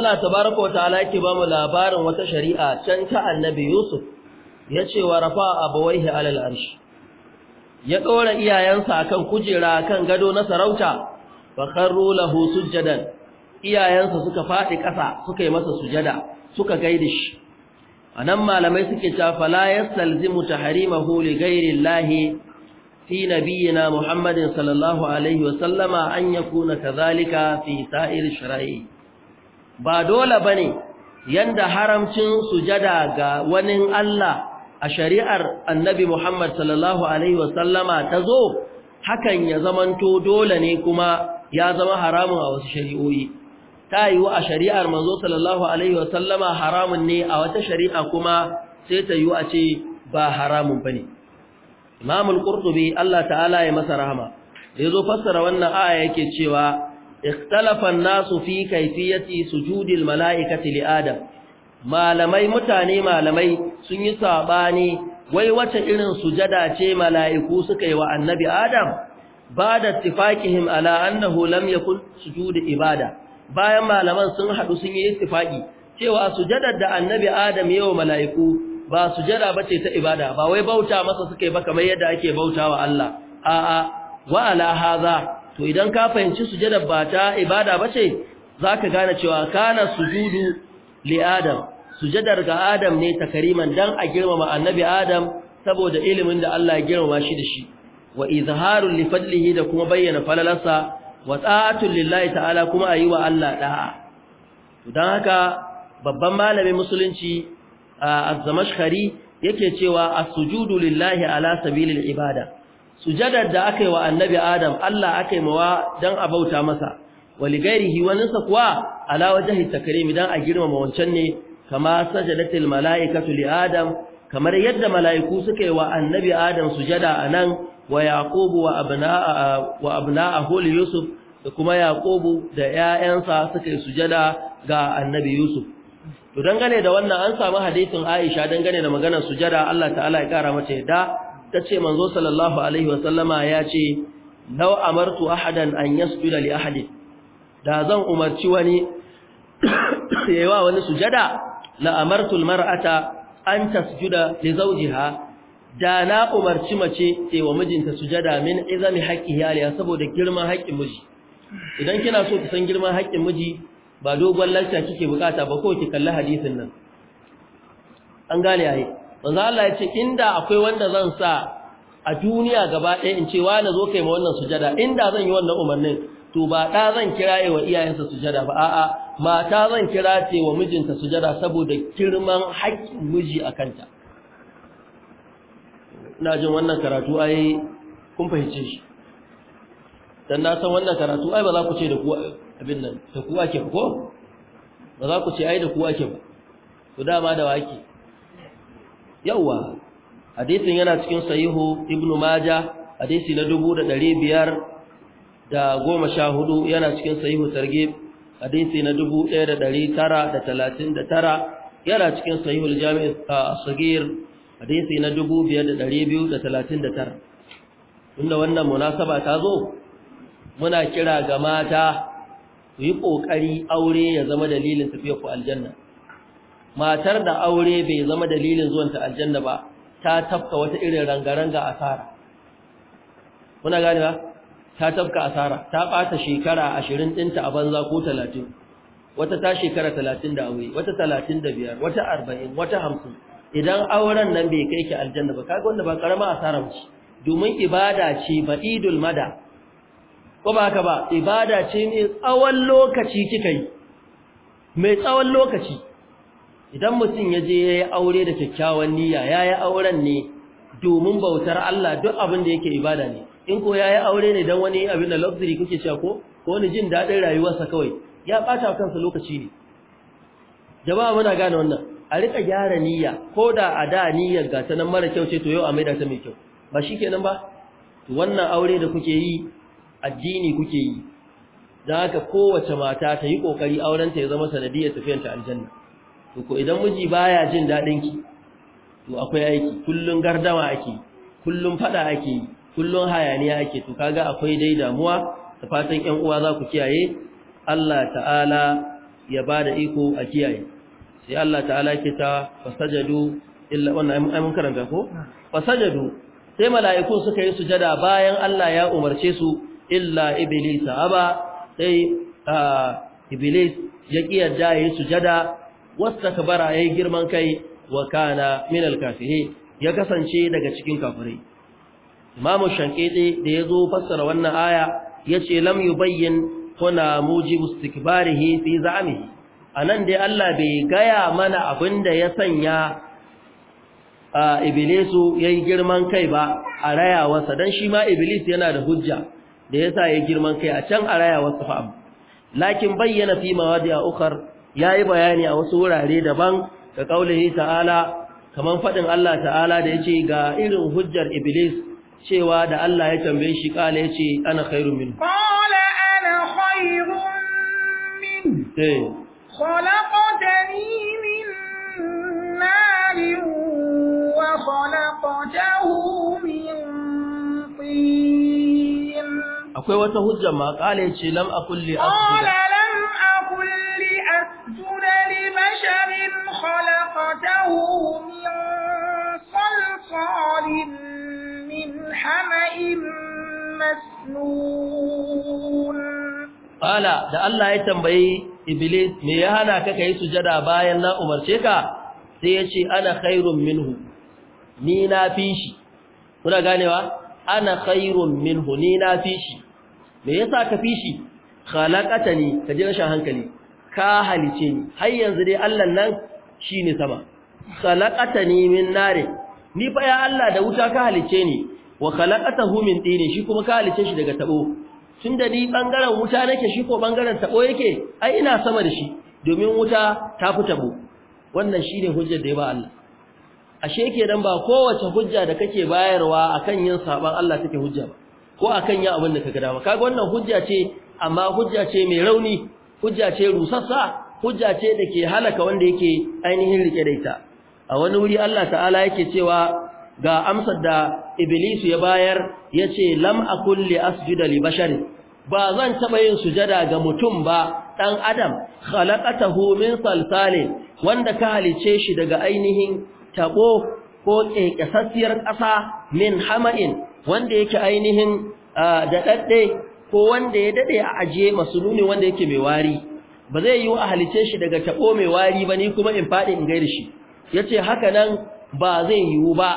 Allah tabaraka wa ta'ala yake ba labarin wata shari'a can ta Annabi Yusuf ya ce wa rafa abawaihi alal arsh ya dora iyayensa a kan kujera kan gado na sarauta fa kharru lahu sujadan iyayensa suka faɗi ƙasa suka yi masa sujada suka gaida shi anan malamai suke cewa fala Salzimu tahrimahu li ghairi llahi fi nabiyyina Muhammadin sallallahu alaihi wa sallama an yakuna kadhalika fi sa'ir shara'i ba dole bane yanda haramcin sujada ga wani Allah a shari'ar Annabi Muhammad sallallahu alaihi wasallama tazo hakan ya zamanto dole ne kuma ya zama haramun a wasu shari'o'i ta yiwu a shari'ar manzo sallallahu alaihi wasallama haramun ne a wata shari'a kuma sai ta yiwu a ce ba haramun bane Imam al-Qurtubi Allah ta'ala ya masa rahama yazo fassara wannan aya yake cewa ikhtalafa an-nasu fi kayfiyati sujudil mala'ikati li adam mutane malamai sun yi saɓani, wai wace irin sujada ce mala'iku suka yi wa annabi adam ba da tifaqihim ala annahu lam yakun sujud ibada bayan malaman sun haɗu sun yi ittifaqi cewa sujadar da annabi adam yau mala'iku ba sujada ce ta ibada ba wai bauta masa suke ba kamar yadda ake bautawa Allah a'a wa ala to idan ka fahimci sujada ba ta ibada ba bace zaka gane cewa kana sujudu li adam sujadar ga adam ne ta takariman dan a girmama annabi adam saboda ilimin da Allah ya girmama shi da shi wa izharu li fadlihi da kuma bayyana falalarsa wa ta'atul lillahi ta'ala kuma ayi wa Allah da'a to dan haka babban malamin musulunci az-zamashkhari yake cewa as-sujudu lillahi ala sabilil ibada sujadar da aka yi wa annabi adam Allah aka yi mawa don a bauta masa wali gairihi waninsa kuwa ala wajahi takrimi don a girmama wancan ne kama sajadatul mala'ikatu li adam kamar yadda mala'iku suka yi wa annabi adam sujada anan wa yaqubu wa abna'a wa abna'ahu li yusuf da kuma yaqubu da 'ya'yansa suka yi sujada ga annabi yusuf to dangane da wannan an samu hadisin Aisha dangane da maganar sujada Allah ta'ala ya kara mata yadda Ta ce manzo sallallahu alaihi wasallama ya ce law amartu ahadan an yasjuda li ahadi da zan umarci wani yayawa wani sujada la amartu almar'ata an tasjuda li zawjiha da na umarci mace ce wa mijinta sujada min izami haƙƙi yaliya saboda girman haƙƙin miji idan kina so ki san girman haƙƙin miji ba dogon lalata kike bukata ba ko ki kalli hadisin nan an gane ayi wanzu Allah ya ce inda akwai wanda zan sa a duniya gaba ɗaya in ce wani zo kai ma wannan sujada inda zan yi wannan umarnin to ba ɗa zan kira yi wa iyayensa sujada ba a'a mata zan kira ce wa mijinta sujada saboda kirman haƙƙin miji a kanta ina jin wannan karatu ai kun fahimce shi dan na san wannan karatu ai ba za ku ce da ku abin nan da ku ake ko ba za ku ce ai da ku ake ba Ku dama da wake yawa hadisin yana cikin sahihu ibnu maja hadisi na 1514 yana cikin sahihu targhib hadisi na 1939 yana cikin sahihul jami' as-saghir hadisi na 2239 inda wannan munasaba ta zo muna kira ga mata ku yi kokari aure ya zama dalilin tafiyar ku aljanna matar da aure bai zama dalilin zuwanta aljanna ba ta tafka wata irin rangaranga asara kuna gane ba ta tafka asara ta bata shekara 20 dinta a banza ko 30 wata ta shekara 30 da aure wata 35 wata 40 wata 50 idan auren nan bai kai ki aljanna ba kaga wanda ba karama asara ba domin ibada ce ba idul mada ko ba haka ba ibada ce ne tsawon lokaci kika yi mai tsawon lokaci idan mutum ya je ya yi aure da kyakkyawan niyya ya yi auren ne domin bautar Allah duk abin da yake ibada ne in ko ya yi aure ne don wani abin da luxury kuke cewa ko ko wani jin daɗin rayuwarsa kawai ya ɓata kansa lokaci ne jama'a muna gane wannan a riƙa gyara niyya ko da a da niyya ga ta nan mara kyau ce to yau a maida ta mai kyau ba shi kenan ba wannan aure da kuke yi addini kuke yi Za haka kowace mata ta yi ƙoƙari aurenta ya zama sanadiyar ta aljanna to ko idan miji baya jin dadin ki to akwai aiki kullun gardama ake kullun fada ake kullun hayaniya ake to kaga akwai dai damuwa da fatan ƴan uwa za ku kiyaye Allah ta'ala ya bada iko a kiyaye sai Allah ta'ala ke ta fasajadu illa wannan ai mun karanta ko fasajadu sai mala'iku suka yi sujada bayan Allah ya umarce su illa iblis aba sai ah, iblis ya kiyaye su sujada wastakbara yayi girman kai wa kana min alkafirin ya kasance daga cikin kafirai imamu shankeɗe da yazo fassara wannan aya yace lam yubayyin kuna mujibu istikbarihi fi za'mihi anan dai Allah bai gaya mana abin da ya sanya iblisu yayi girman kai ba a rayawarsa dan shi ma iblis yana da hujja da yasa ya girman kai a can a rayawarsa fa’am. lakin bayyana fi mawadi'a ukhra Ya yi bayani a wasu wurare daban ga kaulihi ta'ala kamar faɗin Allah ta'ala da yace ga irin hujjar iblis cewa da Allah ya tambaye shi ya ce ana khairu min qala ana khairu min eh khalaqtani min nar wa khalaqtahu min tin akwai wata hujjar ma kala lam aqul li asjuda lam أسجد لبشر خلقته من صلصال من حمأ مسنون قال da Allah ya tambayi Iblis me ya hana ka kai sujada bayan na umarce ka sai ya ce ana khairun minhu ni na fi shi kuna ganewa ana khairun minhu ni na fi me yasa ka fi shi khalaqatani ka ji rashin hankali ka halice ni har yanzu dai Allah nan shine sama khalaqatani min nari ni fa ya Allah da wuta ka halice ni wa khalaqatahu min tini shi kuma ka halice shi daga tabo tunda ni bangaren wuta nake shi ko bangaren tabo yake ai ina sama da shi domin wuta ta fi tabo wannan shine hujjar da ya ba Allah ashe kenan ba kowace hujja da kake bayarwa akan yin saban Allah take hujja ko akan yin abin da kaga dama kaga wannan hujja ce amma hujja ce mai rauni hujja ce rusassa hujja ce da ke halaka wanda yake ainihin rike da ita a wani wuri Allah ta'ala yake cewa ga amsar da Iblis ya bayar yace lam akul li asjuda li bashari ba zan taba yin sujada ga mutum ba dan adam khalaqatahu min salsali wanda ka halice shi daga ainihin tabo ko kekesasiyar ƙasa min hama'in wanda yake ainihin da ah, dadde ko wanda ya dade a ajiye masulumi wanda yake mai wari ba zai yi wa ahalice shi daga tabo mai wari ba ni kuma in fadi in gaida shi yace haka nan ba zai yiwu ba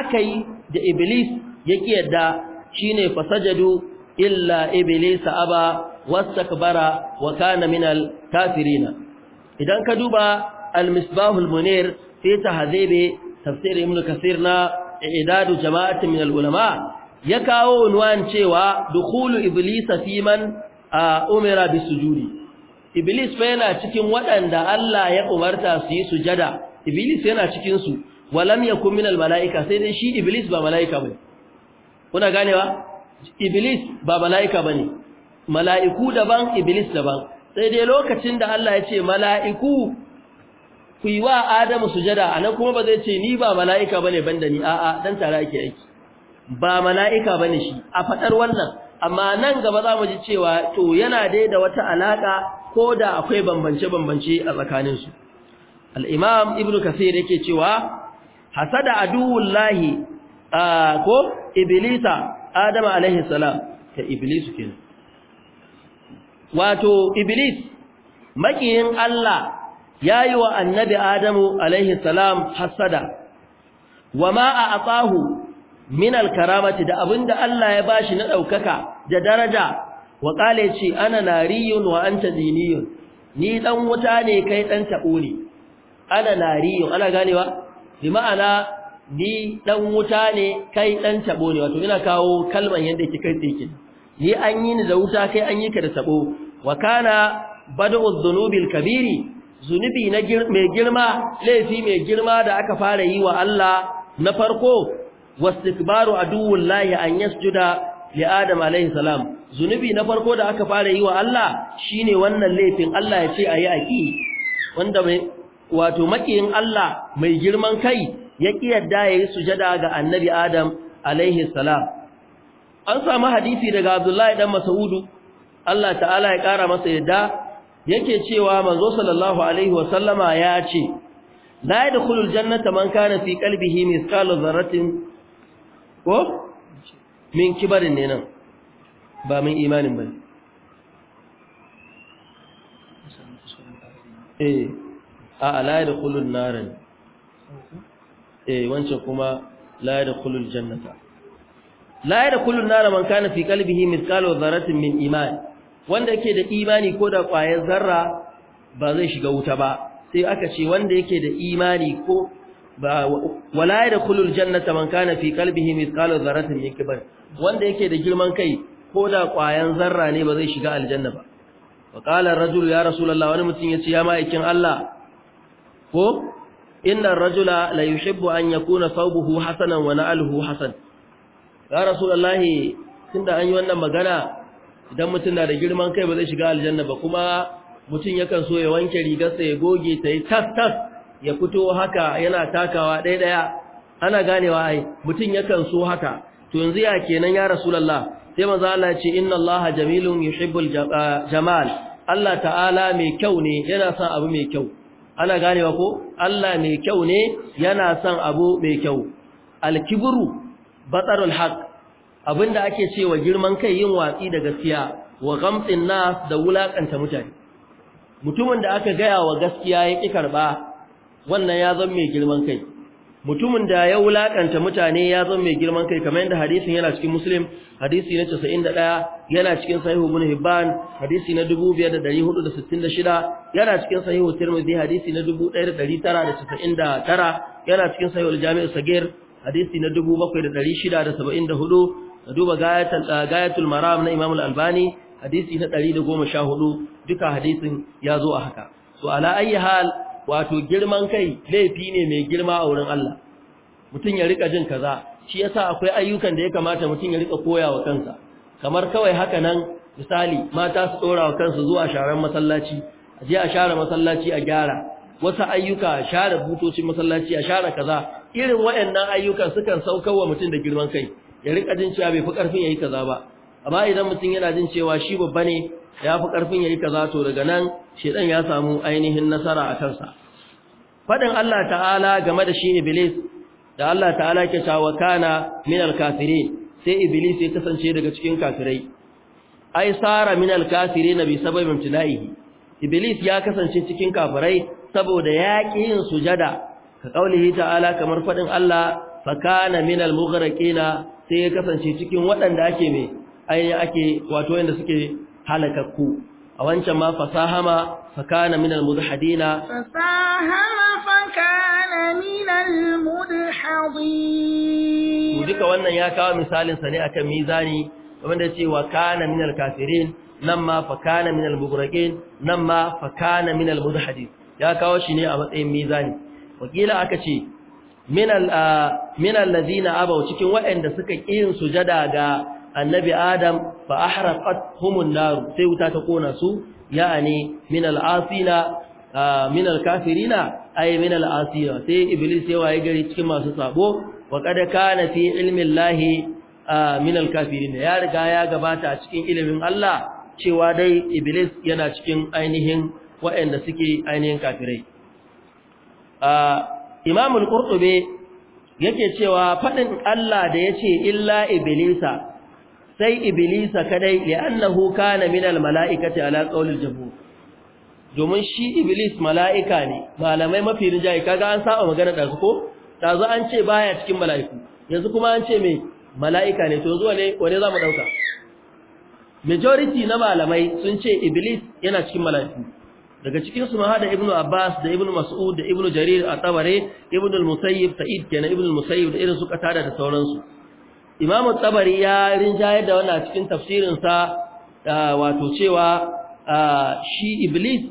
akai da iblis yake yadda shine fasajadu illa iblis aba wastakbara wa kana minal kafirin idan ka duba al-misbah al-munir fi tahdhib tafsir ibn na idadu jama'atin min al-ulama ya kawo unwan cewa dukhulu iblis fi man umira bisujudi iblis fa yana cikin waɗanda Allah ya umarta su yi sujada iblis yana cikin su walam yakun min mala'ika sai dai shi iblis ba malaika bane kuna ganewa iblis ba malaika bane mala'iku daban iblis daban sai dai lokacin da Allah ya ce mala'iku ku yi wa Adamu sujada anan kuma ba zai ce ni ba malaika bane banda ni a'a dan tare ake aiki ba mala'ika ne shi a faɗar wannan amma nan gaba za mu ji cewa to yana dai da wata alaƙa ko da akwai bambance bambance a tsakanin su al-imam ibnu kasir yake cewa hasada aduwullahi ko iblisa adam alaihi salam ta iblis kenan wato iblis makiyin Allah yayi wa annabi adamu alaihi salam hasada a a'tahu min alkaramati da abinda Allah ya bashi na daukaka da daraja wa qala yace ana nariyun wa anta diniyun ni dan wuta ne kai dan tabo ne ana nariyun ana ganewa bi ma'ana ni dan wuta ne kai dan tabo ne wato ina kawo kalman yadda yake kai ni an yi ni da wuta kai an yi ka da tabo wa kana bada'u dhunubil kabiri zunubi na mai girma laifi mai girma da aka fara yi wa Allah na farko wastikbaru aduwwul lahi an yasjuda li adam alaihi salam zunubi na farko da aka fara yi wa Allah shine wannan laifin Allah ya ce ayi aki wanda wato makiyin Allah mai girman kai ya ki yadda yayi sujada ga annabi adam alaihi salam an samu hadisi daga Abdullahi dan Mas'udu Allah ta'ala ya ƙara masa yadda yake cewa manzo sallallahu alaihi wasallama ya ce la yadkhulul jannata man kana fi qalbihi mithqalu dharratin ko min kibarin ne nan ba min imanin ba eh a la kulun narin eh wancan kuma la kulun jannata la kulun nara man kana fi kalbihi miskalo zaratin min iman wanda yake da imani ko da kwayar zarra ba zai shiga wuta ba sai aka ce wanda yake da imani ko wala yadkhulul jannata man kana fi qalbihi mithqalu dharratin min kibr wanda yake da girman kai ko da ƙwayan zarra ne ba zai shiga aljanna ba wa qala ar-rajulu ya rasulullah wani mutum yace ya ma'aikin Allah ko inna ar-rajula la yuhibbu an yakuna thawbuhu hasanan wa na'luhu hasan ya rasulullah tunda an yi wannan magana idan mutum na da girman kai ba zai shiga aljanna ba kuma mutum yakan so ya wanke rigarsa ya goge ta yi tas tas ya fito haka yana takawa ɗaya ɗaya ana ganewa ai mutum yakan so haka to yanzu ya kenan ya rasulallah sai maza Allah ce inna Allah jamilun yuhibbul jamal Allah ta'ala mai kyau ne yana son abu mai kyau ana ganewa ko Allah mai kyau ne yana son abu mai kyau al-kibru batarul haqq abinda ake cewa girman kai yin watsi da gaskiya wa ghamtin nas da wulakanta mutane mutumin da aka gaya wa gaskiya ya karba wannan ya zama mai girman kai mutumin da ya wulakanta mutane ya zama mai girman kai kamar yadda hadisin yana cikin muslim hadisi na 91 yana cikin sahihu ibn hibban hadisi na 2466 yana cikin sahihu tirmidhi hadisi na 1999 yana cikin sahihu al-jami' sagir hadisi na 7674 duba gayatul ah, gayatul maram na imam al-albani hadisi na 114 duka hadisin ya zo a haka so ala ayi hal wato girman kai laifi ne mai girma a wurin Allah mutum ya rika jin kaza shi yasa akwai ayyukan da ya kamata mutum ya rika koyawa kansa kamar kawai haka nan misali mata su dora wa kansu zuwa sharan masallaci a je a share masallaci a gyara wasu ayyuka a share butocin masallaci a share kaza irin waɗannan ayyukan sukan saukar wa mutum da girman kai ya rika jin cewa bai fi ƙarfin ya yi kaza ba amma idan mutum yana jin cewa shi babba ne ya fi ƙarfin ya yi kaza to daga nan shedan ya samu ainihin nasara a kansa faɗin Allah ta'ala game da shi iblis da Allah ta'ala ke cewa kana min al sai iblis ya kasance daga cikin kafirai ai sara min al na bi sababin tina'ihi iblis ya kasance cikin kafirai saboda yaƙi yin sujada ka kaulihi ta'ala kamar faɗin Allah fa kana min al sai ya kasance cikin waɗanda ake mai ainihin ake wato yadda suke halakakku a wancan ma fasahama fakana minal mudhadina fasahama fakana minal Ku duka wannan ya kawo misalin sa ne akan mizani wanda yace wa kana minal kafirin nan ma fakana minal mughraqin nan ma fakana minal mudhadin ya kawo shi ne a matsayin mizani wakila aka ce minal ah, minal ladina abau cikin wa'anda suka kiyin sujada ga annabi adam fa ahraqat humun nar sai wuta ta kona su ya'ani min al'asina min al-kafirina ay min al-asina sai iblis ya waye gari cikin masu sabo wa qad kana fi ilmi llahi min al-kafirina ya riga ya gabata a cikin ilimin Allah cewa dai iblis yana cikin ainihin waɗanda suke ainihin kafirai imamul qurtubi yake cewa faɗin Allah da yace illa iblisa sai iblisa kadai li'annahu kana min almala'ikati ala qawlil jabur domin shi iblis mala'ika ne malamai mafi rinjaye kaga an saba magana da ko dazu an ce baya cikin mala'iku yanzu kuma an ce me mala'ika ne to zuwa ne wane zamu dauka majority na malamai sun ce iblis yana cikin mala'iku daga cikin su mahada ibnu abbas da ibnu mas'ud da ibnu jarir at-tabari ibnu al-musayyib ta'id kenan ibnu al-musayyib da irin su qatada da sauransu imamu tabari ya rinjayar da wannan cikin tafsirinsa ah, wato cewa ah, shi iblis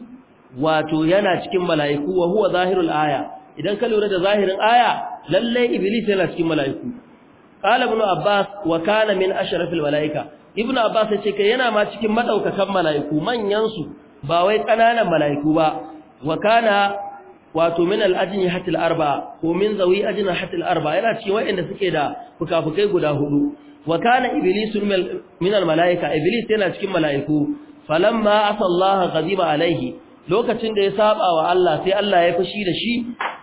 wato yana cikin mala'iku wa huwa zahirul aya idan ka lura da zahirin aya lalle iblis yana cikin mala'iku qala ibn abbas wa kana min asharafil malaika ibn abbas ya ce kai yana ma cikin maɗaukakan mala'iku manyan su ba wai ƙananan mala'iku ba wa kana wato min al'ajini hatil arba ko min zawi ajina hatil arba yana cikin waɗanda suke da fukafukai guda hudu wa kana iblis min al malaika iblis yana cikin malaiku falamma asallaha ghadiba alaihi lokacin da ya saba wa Allah sai Allah ya fushi da shi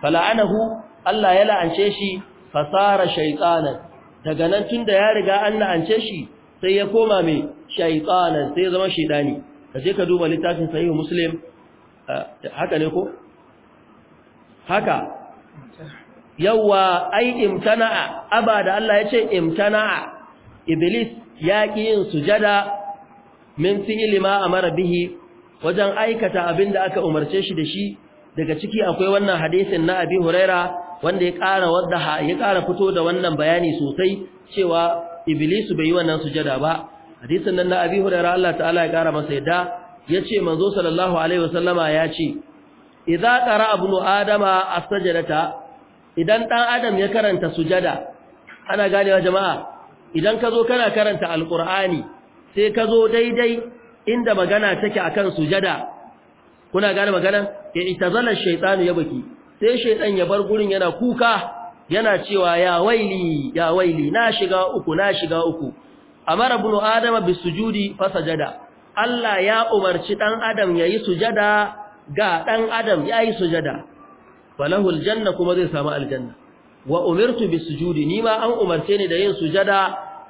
fala'anahu Allah ya la'ance shi fasara shaytanan daga nan tunda ya riga an la'ance shi sai ya koma mai shaytanan sai ya zama shaydani kaje ka duba littafin sahihu muslim eh, haka ne ko haka yawa ai imtana'a aba da Allah ya ce imtana'a iblis ya ki yin sujada min fi'li ma amara bihi wajen aikata abinda aka umarce shi da shi daga ciki akwai wannan hadisin na Abi Huraira wanda ya ƙara wadda ya ƙara fito da wannan bayani sosai cewa iblis bai yi wannan sujada ba hadisin nan na Abi Huraira Allah ta'ala ya ƙara masa yadda yace manzo sallallahu alaihi wasallama ya ce idza qara ibnu adama as idan dan adam ya karanta sujada ana ganewa jama'a idan ka zo kana karanta alqur'ani sai ka zo daidai inda magana take akan sujada kuna gane magana ya itazala shaytanu ya baki sai shaytan ya bar gurin yana kuka yana cewa ya waili ya waili na shiga uku na shiga uku amara ibnu adama bisujudi fasajada Allah ya umarci dan adam yayi sujada ga dan adam yi sujada falahul janna kuma zai samu aljanna wa umirtu bisujudi ni ma an umarce ni da yin sujada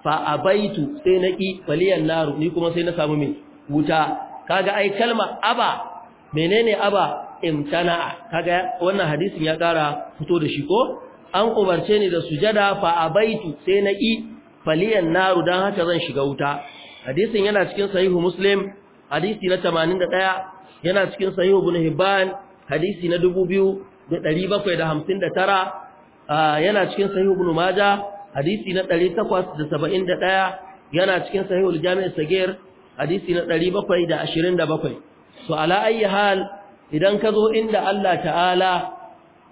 fa abaitu sai na ki waliyan naru ni kuma sai na samu min wuta kaga ai kalma aba menene aba imtana'a kaga wannan hadisin ya kara fito da shi ko an umarce ni da sujada fa abaitu sai na ki faliyan naru dan haka zan shiga wuta hadisin yana cikin sahihu muslim hadisi na 81 yana cikin sahih ibn hibban hadisi na 2759 ah, yana cikin sahih ibn maja hadisi na 1871 yana cikin sahih al-jami' sagir hadisi na 727 so ala ayi hal idan ka zo inda Allah ta'ala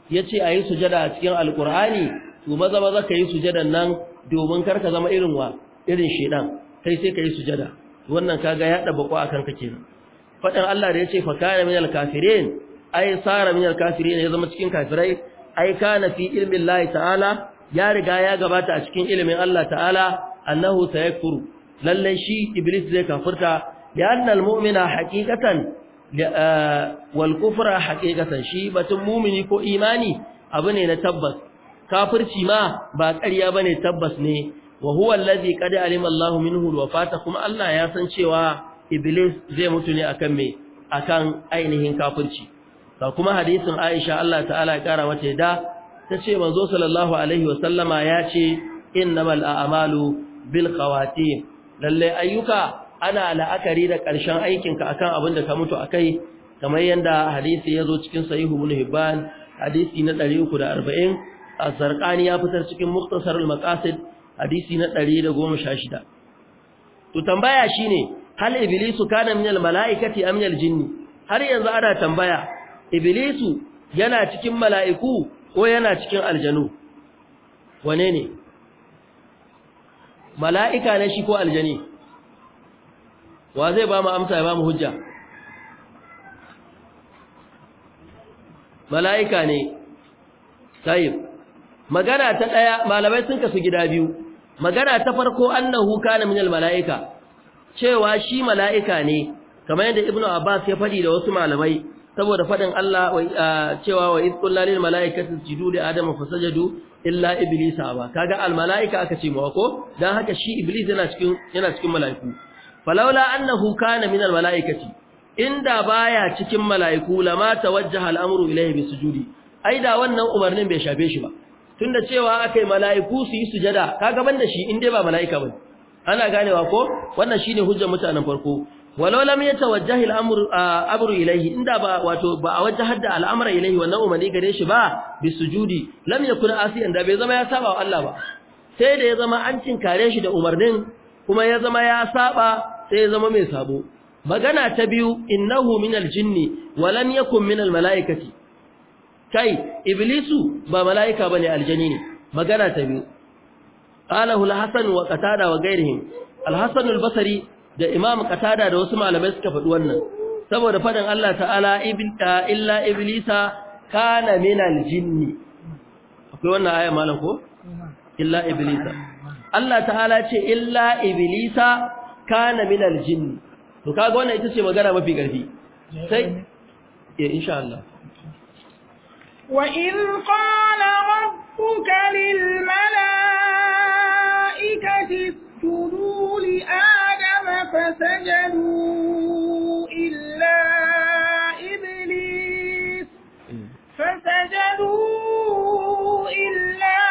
yace ayi sujada a cikin alqur'ani to maza maza kai sujadan nan domin kar ka zama irin wa irin shedan kai sai kai sujada wannan kaga ya daba ko akan kake kenan fadin Allah da yace fa kana minal kafirin ai sara minal kafirin ya zama cikin kafirai ai kana fi ilmi ta'ala ya riga ya gabata a cikin ilimin Allah ta'ala annahu sayakuru lalle shi iblis zai kafirta ya annal mu'mina haqiqatan eh, wal kufra haqiqatan shi batun mu'mini ko imani abu ne na tabbas kafirci ma ba ƙarya bane tabbas ne wa huwa allazi qad alima Allahu minhu wa fata, kuma Allah ya san cewa iblis zai mutu ne akan me akan ainihin kafirci Ba kuma hadisin Aisha Allah ta'ala ya kara mata da tace manzo sallallahu alaihi wa sallama ya ce innamal a'malu bil khawatim lalle ayyuka ana la'akari da ƙarshen aikinka akan abin da ka mutu akai kamar yanda hadisi yazo cikin sahihu ibn hibban hadisi na 340 Zarqani ya fitar cikin Mukhtasarul Maqasid hadisi na 116 to tambaya shine hal iblisu kana min almalaikati am min aljinni har yanzu ana tambaya iblisu yana cikin mala'iku ko yana cikin aljanu wane ne mala'ika ne shi ko aljani wa zai ba mu amsa ya ba mu hujja mala'ika ne tayyib magana ta daya malamai sun kasu gida biyu magana ta farko annahu kana min almalaika cewa shi mala'ika ne kamar yadda ibnu abbas ya faɗi da wasu malamai saboda faɗin Allah cewa wa iz qulna lil mala'ikati isjudu li adama fasajadu illa iblisa ba kaga al mala'ika aka ce mawako, ko dan haka shi iblis yana cikin yana cikin mala'iku falaula annahu kana min al malaikaci inda baya cikin mala'iku lama tawajjaha al amru ilayhi bisujudi ai da wannan umarnin bai shafe shi ba tunda cewa yi mala'iku su yi sujada kaga banda shi in dai ba mala'ika bane ana ganewa ko wannan shine hujjar mutanen farko walau lam yatawajjahi al-amru abru ilayhi inda ba wato ba a hadda al-amra ilayhi wannan umarni gare shi ba bi sujudi lam yakun asiyan da bai zama ya saba wa Allah ba sai da ya zama an cin kare shi da umarnin kuma ya zama ya saba sai ya zama mai sabo magana ta biyu innahu min al-jinni wa lam yakun min al-mala'ikati kai iblisu ba mala'ika bane aljani ne magana ta biyu qalahu al-hasan wa qatada wa ghayrihim al da imam Katada da wasu malamai suka faɗi wannan saboda faɗin Allah ta'ala illa iblisa kana jinni akwai wannan aya malam ko illa iblisa Allah ta'ala ce illa iblisa kana minal jinni to kaga wannan ita ce magana mafi karfi sai eh insha wa in الملائكة اسجدوا لآدم فسجدوا إلا إبليس فسجدوا إلا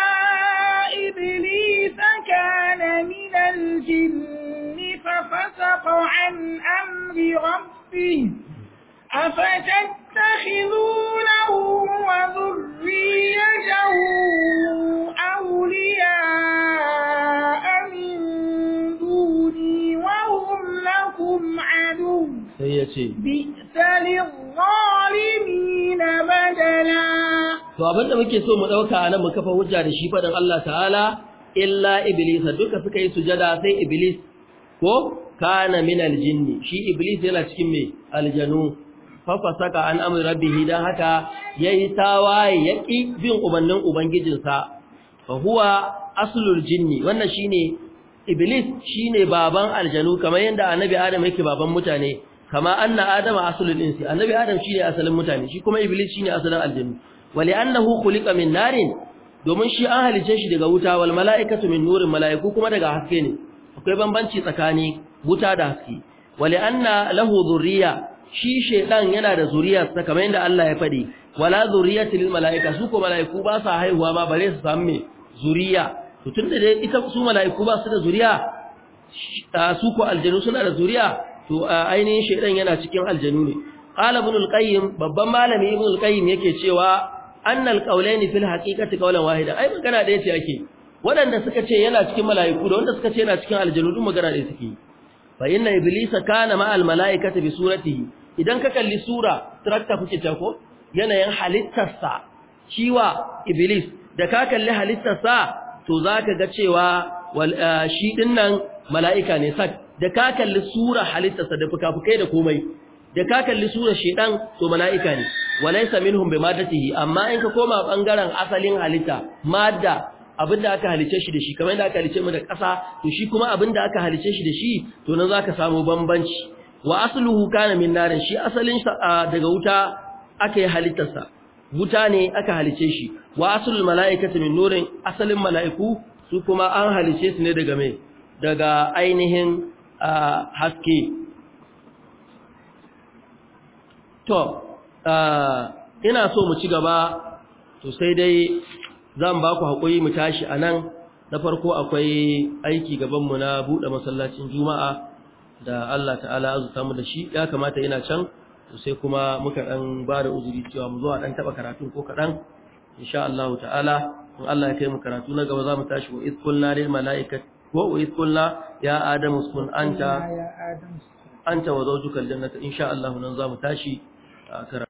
إبليس كان من الجن ففسق عن أمر ربه أفتت تتخذونه وذريته أولياء من دوني وهم لكم عدو بئس للظالمين بدلا to abinda muke so mu dauka nan mu kafa hujja da shi faɗin Allah ta'ala illa iblis duka suka yi sujada sai iblis ko kanaminal min shi iblis yana cikin mai aljanu fafasaka an amri rabbihi dan haka yayi tawaye yaki bin ubannin ubangijinsa fa huwa aslul jinni wannan shine iblis shine baban aljanu kamar yanda annabi adam yake baban mutane kama anna a aslul insi annabi adam shine asalin mutane shi kuma iblis shine asalin aljanu wali annahu khuliqa min narin domin shi an halice shi daga wuta wal mala'ikatu min nurin mala'iku kuma daga haske ne akwai bambanci tsakani wuta da haske wali anna lahu dhurriya shi shaidan yana da zuriyarsa kamar yadda Allah ya faɗi wala zuriyati lil malaika su ko malaiku ba sa haihuwa ba bare su samu zuriya to tunda dai ita su malaiku ba su da zuriya su ko aljanu suna da zuriya to ainihin shaidan yana cikin aljanu ne qala ibnul qayyim babban malami ibnul qayyim yake cewa annal qawlaini fil haqiqati qawlan wahida ai magana da yace ake waɗanda suka ce yana cikin malaiku da wanda suka ce yana cikin aljanu duk magana da yake fa inna iblisa kana ma'al malaikati bi suratihi idan ka kalli sura tarakta kuke ta ko yanayin halittarsa ciwa iblis da ka kalli halittarsa to zaka ga cewa eh, shi din nan mala'ika ne sak da ka kalli sura halittarsa da fukafukai da komai da ka kalli sura shedan to mala'ika ne walaysa minhum bimadatihi amma in ka koma bangaren asalin halitta madda abinda aka halice shi da shi kamar yadda aka halice mu da ƙasa to shi kuma abinda aka halice shi da shi to nan zaka samu bambanci wa asluhu kana min narin shi asalin daga wuta aka yi halittarsa wuta ne aka halice shi wa aslul malaikatu min nurin asalin mala'iku su kuma an halice su ne daga me daga ainihin haske to ina so mu ci gaba to sai dai zan ba ku haƙuri mu tashi anan na farko akwai aiki gabanmu na buɗe masallacin juma'a da Allah ta'ala azuta mu da shi ya kamata ina can sai kuma muka ɗan ba da uzuri cewa mu zo a dan taba karatu ko kaɗan. insha Allah ta'ala in Allah ya kai mu karatu na gaba za mu tashi wa idkulna lil malaikati wa idkulna ya adam uskun anta anta wa zawjuka jannata insha Allah nan za mu tashi